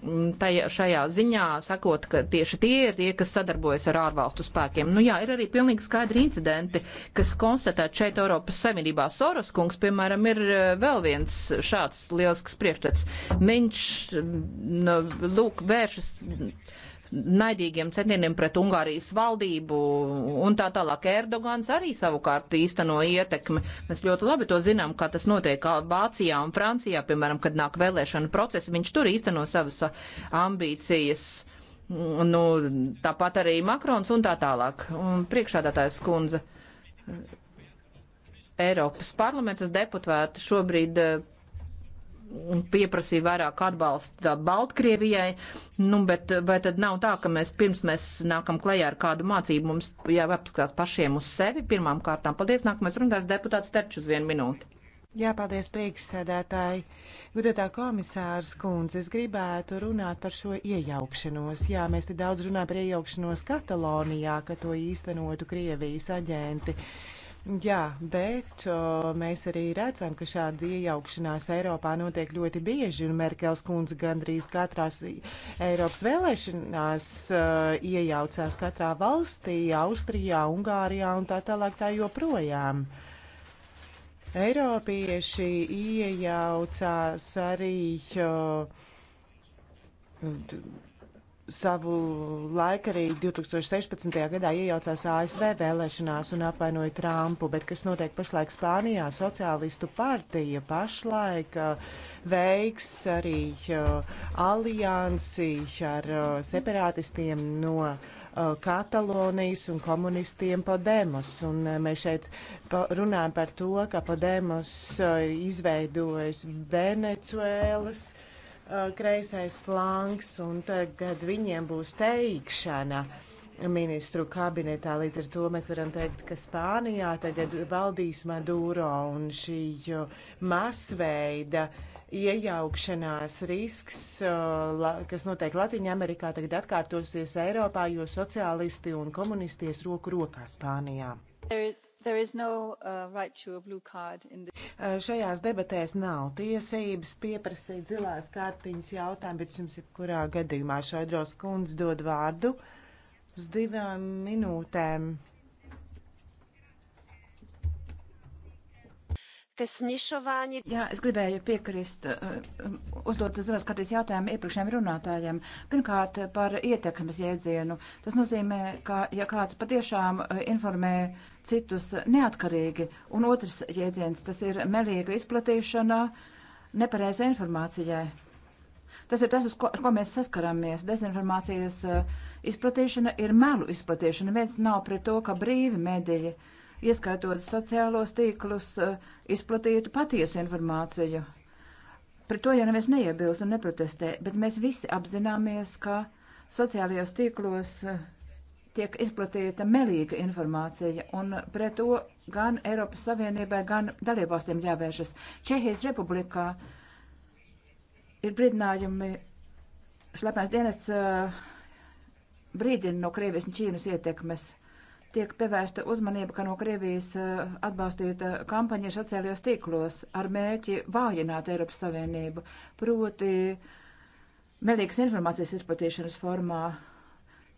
Mm, tajā, šajā ziņā, sakot, ka tieši tie ir tie, kas sadarbojas ar ārvalstu spēkiem. Nu jā, ir arī pilnīgi skaidri incidenti, kas konstatēti šeit Eiropas Savienībā. Soros kungs, piemēram, ir eh, vēl viens šāds lielisks priekšstats. Viņš, mm, nu, lūk, vēršas naidīgiem centieniem pret Ungārijas valdību un tā tālāk. Erdogans arī savukārt īsteno ietekmi. Mēs ļoti labi to zinām, kā tas notiek Vācijā un Francijā, piemēram, kad nāk vēlēšana procesi, viņš tur īsteno savas ambīcijas. Nu, tāpat arī Makrons un tā tālāk. Un priekšādātājs kundze. Eiropas parlamentas deputāti šobrīd pieprasīja vairāk atbalsta Baltkrievijai, nu, bet vai tad nav tā, ka mēs pirms mēs nākam klajā ar kādu mācību, mums jāapskatās pašiem uz sevi pirmām kārtām. Paldies, nākamais runātājs deputāts Terčs uz vienu minūti. Jā, paldies priekšsēdētāji. Gudētā komisārs kundze, es gribētu runāt par šo iejaukšanos. Jā, mēs te daudz runājam par iejaukšanos Katalonijā, ka to īstenotu Krievijas aģenti. Uh, Jā, bet o, mēs arī redzam, ka šāda iejaukšanās Eiropā notiek ļoti bieži, un Merkels kundze gandrīz katrās Eiropas vēlēšanās o, iejaucās katrā valstī, Austrijā, Ungārijā un tā tālāk tā joprojām. Eiropieši iejaucās arī. O, savu laiku arī 2016. gadā iejaucās ASV vēlēšanās un apvainoja Trumpu, bet kas notiek pašlaik Spānijā, Socialistu partija pašlaik uh, veiks arī uh, aliansi ar uh, separātistiem no Katalonijas un komunistiem Podemos. Un mēs šeit runājam par to, ka Podemos izveidojas Venecuēlas. Uh, Uh, kreisais flanks, un tagad viņiem būs teikšana ministru kabinetā. Līdz ar to mēs varam teikt, ka Spānijā tagad valdīs Maduro un šī uh, masveida iejaukšanās risks, uh, kas notiek Latvijā, Amerikā, tagad atkārtosies Eiropā, jo sociālisti un komunisti ies roku rokā Spānijā. There is... No, uh, right in... Uh, šajās debatēs nav tiesības pieprasīt zilās kārtiņas jautājumu, bet jums ir kurā gadījumā Šaidros kundze dod vārdu uz divām minūtēm. Jā, es gribēju piekrist, eh, um, uzdot zilās kartīs jautājumu iepriekšējiem runātājiem. Pirmkārt, par ietekmes jēdzienu. Tas nozīmē, ka ja kāds patiešām eh, informē citus neatkarīgi, un otrs jēdziens, tas ir melīga izplatīšana nepareizai informācijai. Tas ir tas, uz ko, ar ko mēs saskaramies. Dezinformācijas eh, izplatīšana ir melu izplatīšana. Viens nav pret to, ka brīvi mediji. Uh, ieskaitot sociālos tīklus, eh, izplatītu patiesu informāciju. Pret to jau neviens neiebilst un neprotestē, bet mēs visi apzināmies, ka sociālajos tīklos eh, tiek izplatīta melīga informācija, un pret to gan Eiropas Savienībai, gan dalībvalstīm jāvēršas. Čehijas republikā ir brīdinājumi, slepnais dienests eh, brīdina no Krievijas un Ķīnas ietekmes tiek pievērsta uzmanība, ka no Krievijas eh, atbalstīta kampaņa sociālajos tīklos ar mērķi vājināt Eiropas Savienību, proti melīgas informācijas izplatīšanas formā.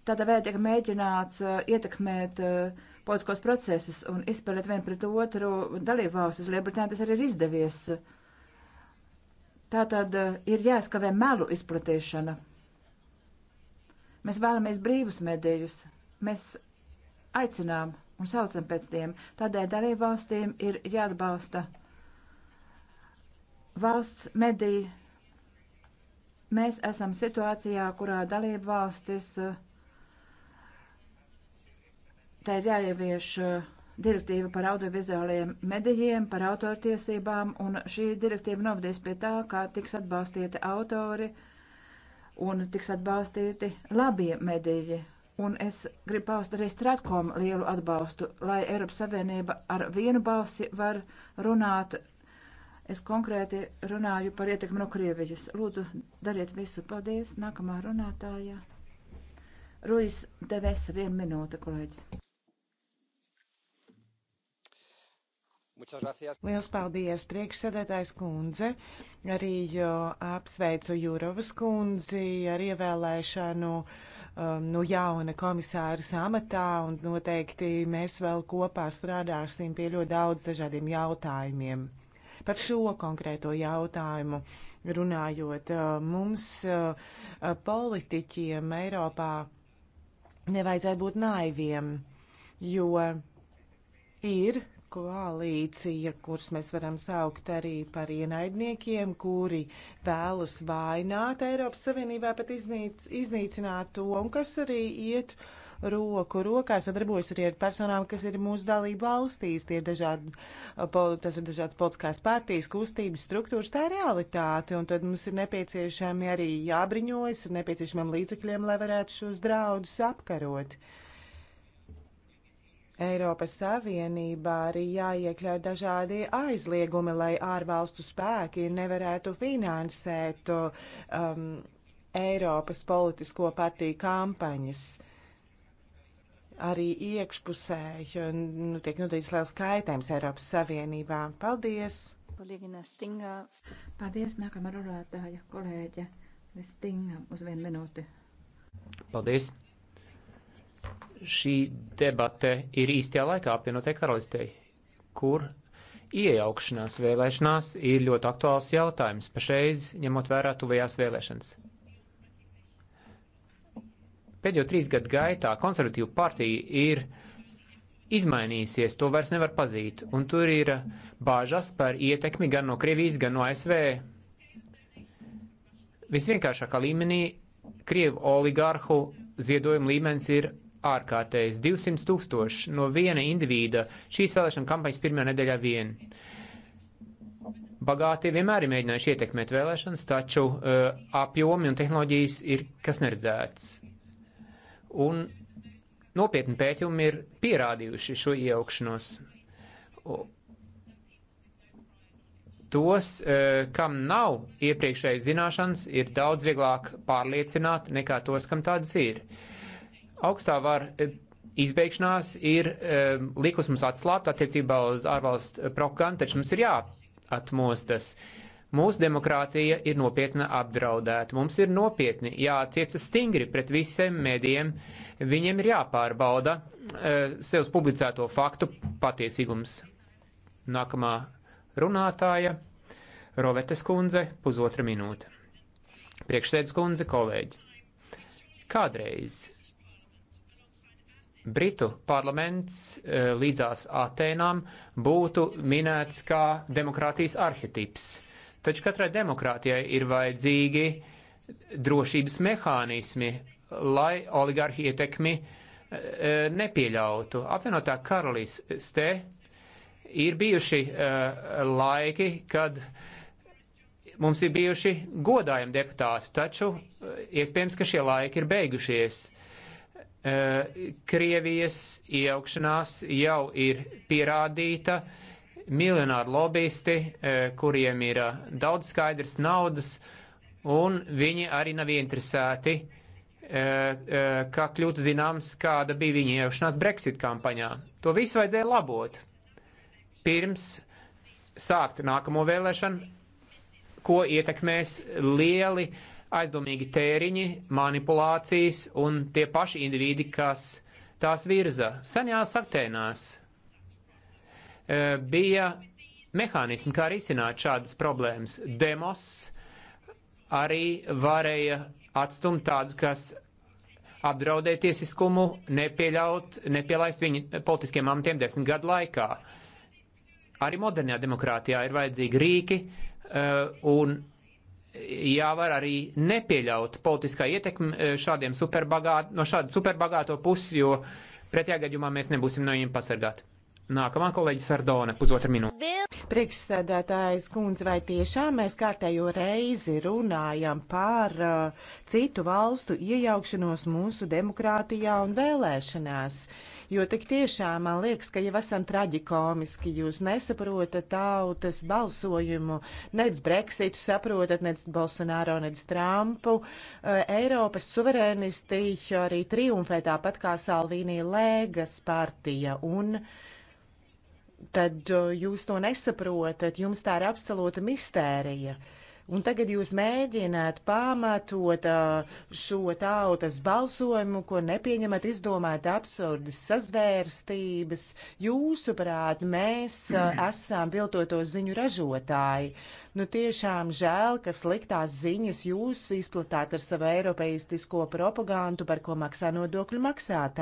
Tādā veidā tiek mēģināts eh, ietekmēt eh, politiskos procesus un izspēlēt vien pret otru dalību valstis. Lielbritānija tas arī ir izdevies. Tātad ir jāizskavē melu izplatīšana. Mēs vēlamies brīvus medējus. Mēs aicinām un saucam pēc tiem. Tādēļ dalībvalstīm ir jāatbalsta valsts mediju. Mēs esam situācijā, kurā dalība valstis, tā ir jāievieš eh, direktīva par audiovizuālajiem medijiem, par autortiesībām, un šī direktīva novadīs pie tā, kā tiks atbalstīti autori un tiks atbalstīti labie mediji, Un es gribu paust arī Stratkom lielu atbalstu, lai Eiropas Savienība ar vienu balsi var runāt. Es konkrēti runāju par ietekmi no Krievijas. Lūdzu, dariet visu. Paldies. Nākamā runātājā. Ruiz Devesa, viena minūte, kolēģis. Liels paldies, priekšsēdētājs kundze. Arī apsveicu Jūrovas kundzi ar ievēlēšanu. Uh, um, no jauna komisāra amatā, un noteikti mēs vēl kopā strādāsim pie ļoti daudz dažādiem jautājumiem. Par šo konkrēto jautājumu runājot, uh, mums uh, uh, politiķiem Eiropā nevajadzētu būt naiviem, jo ir koalīcija, kurus mēs varam saukt arī par ienaidniekiem, kuri vēlas vainot Eiropas Savienībā, pat iznīc, iznīcināt to, un kas arī iet roku rokā sadarbojas arī ar personām, kas ir mūsu dalība valstīs. Tie ir dažādi, tas ir dažādas politiskās partijas, kustības, struktūras, tā ir realitāte, un tad mums ir nepieciešami arī jābriņojas, ir nepieciešamiem līdzekļiem, lai varētu šos draudus apkarot. Uh, Eiropas Savienībā arī jāiekļauj dažādi aizliegumi, lai ārvalstu spēki nevarētu finansēt um, Eiropas politisko partiju kampaņas. Arī iekšpusē nu, tiek nodarīts liels kaitējums Eiropas Savienībā. Paldies! Kolēģina Stinga. Paldies, nākamā runātāja kolēģe Stinga uz vienu minūti. Paldies! Šī debate ir īstajā laikā apvienotai karalistei, kur iejaukšanās vēlēšanās ir ļoti aktuāls jautājums, pašreiz ņemot vērā tuvajās vēlēšanas. Pēdējo trīs gadu gaitā konservatīva partija ir izmainījusies, to vairs nevar pazīt, un tur ir bāžas par ietekmi gan no Krievijas, gan no ASV. Visvienkāršākā līmenī Krievu oligārhu ziedojuma līmenis ir ārkārtējs. 200 tūkstoši no viena indivīda šīs vēlēšana kampaņas pirmajā nedēļā vien. Bagāti vienmēr ir mēģinājuši ietekmēt vēlēšanas, taču uh, apjomi un tehnoloģijas ir kas neredzēts. Un nopietni pētījumi ir pierādījuši šo iejaukšanos. Tos, eh, kam nav iepriekšējas zināšanas, ir daudz vieglāk pārliecināt nekā tos, kam tādas ir. Uh, Augstā vara eh, izbeigšanās ir um, likus mums atslābt attiecībā uz ārvalstu eh, propagandu, taču mums ir jāatmostas. Mūsu demokrātija ir nopietna apdraudēta. Mums ir nopietni jātiecas stingri pret visiem medijiem. Viņiem ir jāpārbauda uh, sevs publicēto faktu patiesīgums. Nākamā runātāja - Rovetes kundze, pusotra minūte. Priekšsēdus kundze, kolēģi. Kādreiz Britu parlaments eh, līdzās Atēnām būtu minēts kā demokrātijas arhetips. Taču katrai demokrātijai ir vajadzīgi drošības mehānismi, lai oligarhi ietekmi eh, nepieļautu. Apvienotā karalistē ir bijuši eh, laiki, kad mums ir bijuši godājumi deputāti, taču iespējams, ka šie laiki ir beigušies. Eh, Krievijas iejaukšanās jau ir pierādīta. Miljonāri lobbyisti, eh, kuriem ir eh, daudz skaidrs naudas, un viņi arī nav interesēti, kā kļūt zināms, kāda bija viņa iejaukšanās Brexit kampaņā. To visu vajadzēja labot. Pirms sākt nākamo vēlēšanu, ko ietekmēs lieli uh, aizdomīgi tēriņi, manipulācijas un tie paši individi, kas tās virza. Senajās aktēnās e, bija mehānismi, kā risināt šādas problēmas. Demos arī varēja atstumt tādus, kas apdraudē tiesiskumu, nepieļaut, nepielaist viņu politiskiem amatiem desmit gadu laikā. Arī modernajā demokrātijā ir vajadzīgi rīki, e, un jāvar arī nepieļaut politiskā ietekme e, šādiem superbagāt, no šāda superbagāto pusi, jo pretējā gadījumā mēs nebūsim no viņiem pasargāti. Nākamā kolēģis Sardone, pusotra minūte. Priekšsēdētājs kundze, vai tiešām mēs kārtējo reizi runājam par uh, citu valstu iejaukšanos mūsu demokrātijā un vēlēšanās? Uh, Jo tik tiešām man liekas, ka jau esam traģikomiski. Jūs nesaprotat tautas balsojumu, nec Brexitu saprotat, nec Bolsonaro, nec Trumpu. Eh, Eiropas suverēnisti arī triumfē tāpat kā Salvīnī Lēgas partija. Un tad eh, jūs to nesaprotat, jums tā ir absolūta mistērija. Uh, Un tagad jūs mēģināt pamatot šo tautas balsojumu, ko nepieņemat izdomāt absurdas sazvērstības. Jūsuprāt, mēs mm. esam viltoto ziņu ražotāji. Nu tiešām žēl, ka sliktās ziņas jūs izplatāt ar savu eiropeistisko propagandu, par ko maksā nodokļu maksātāji.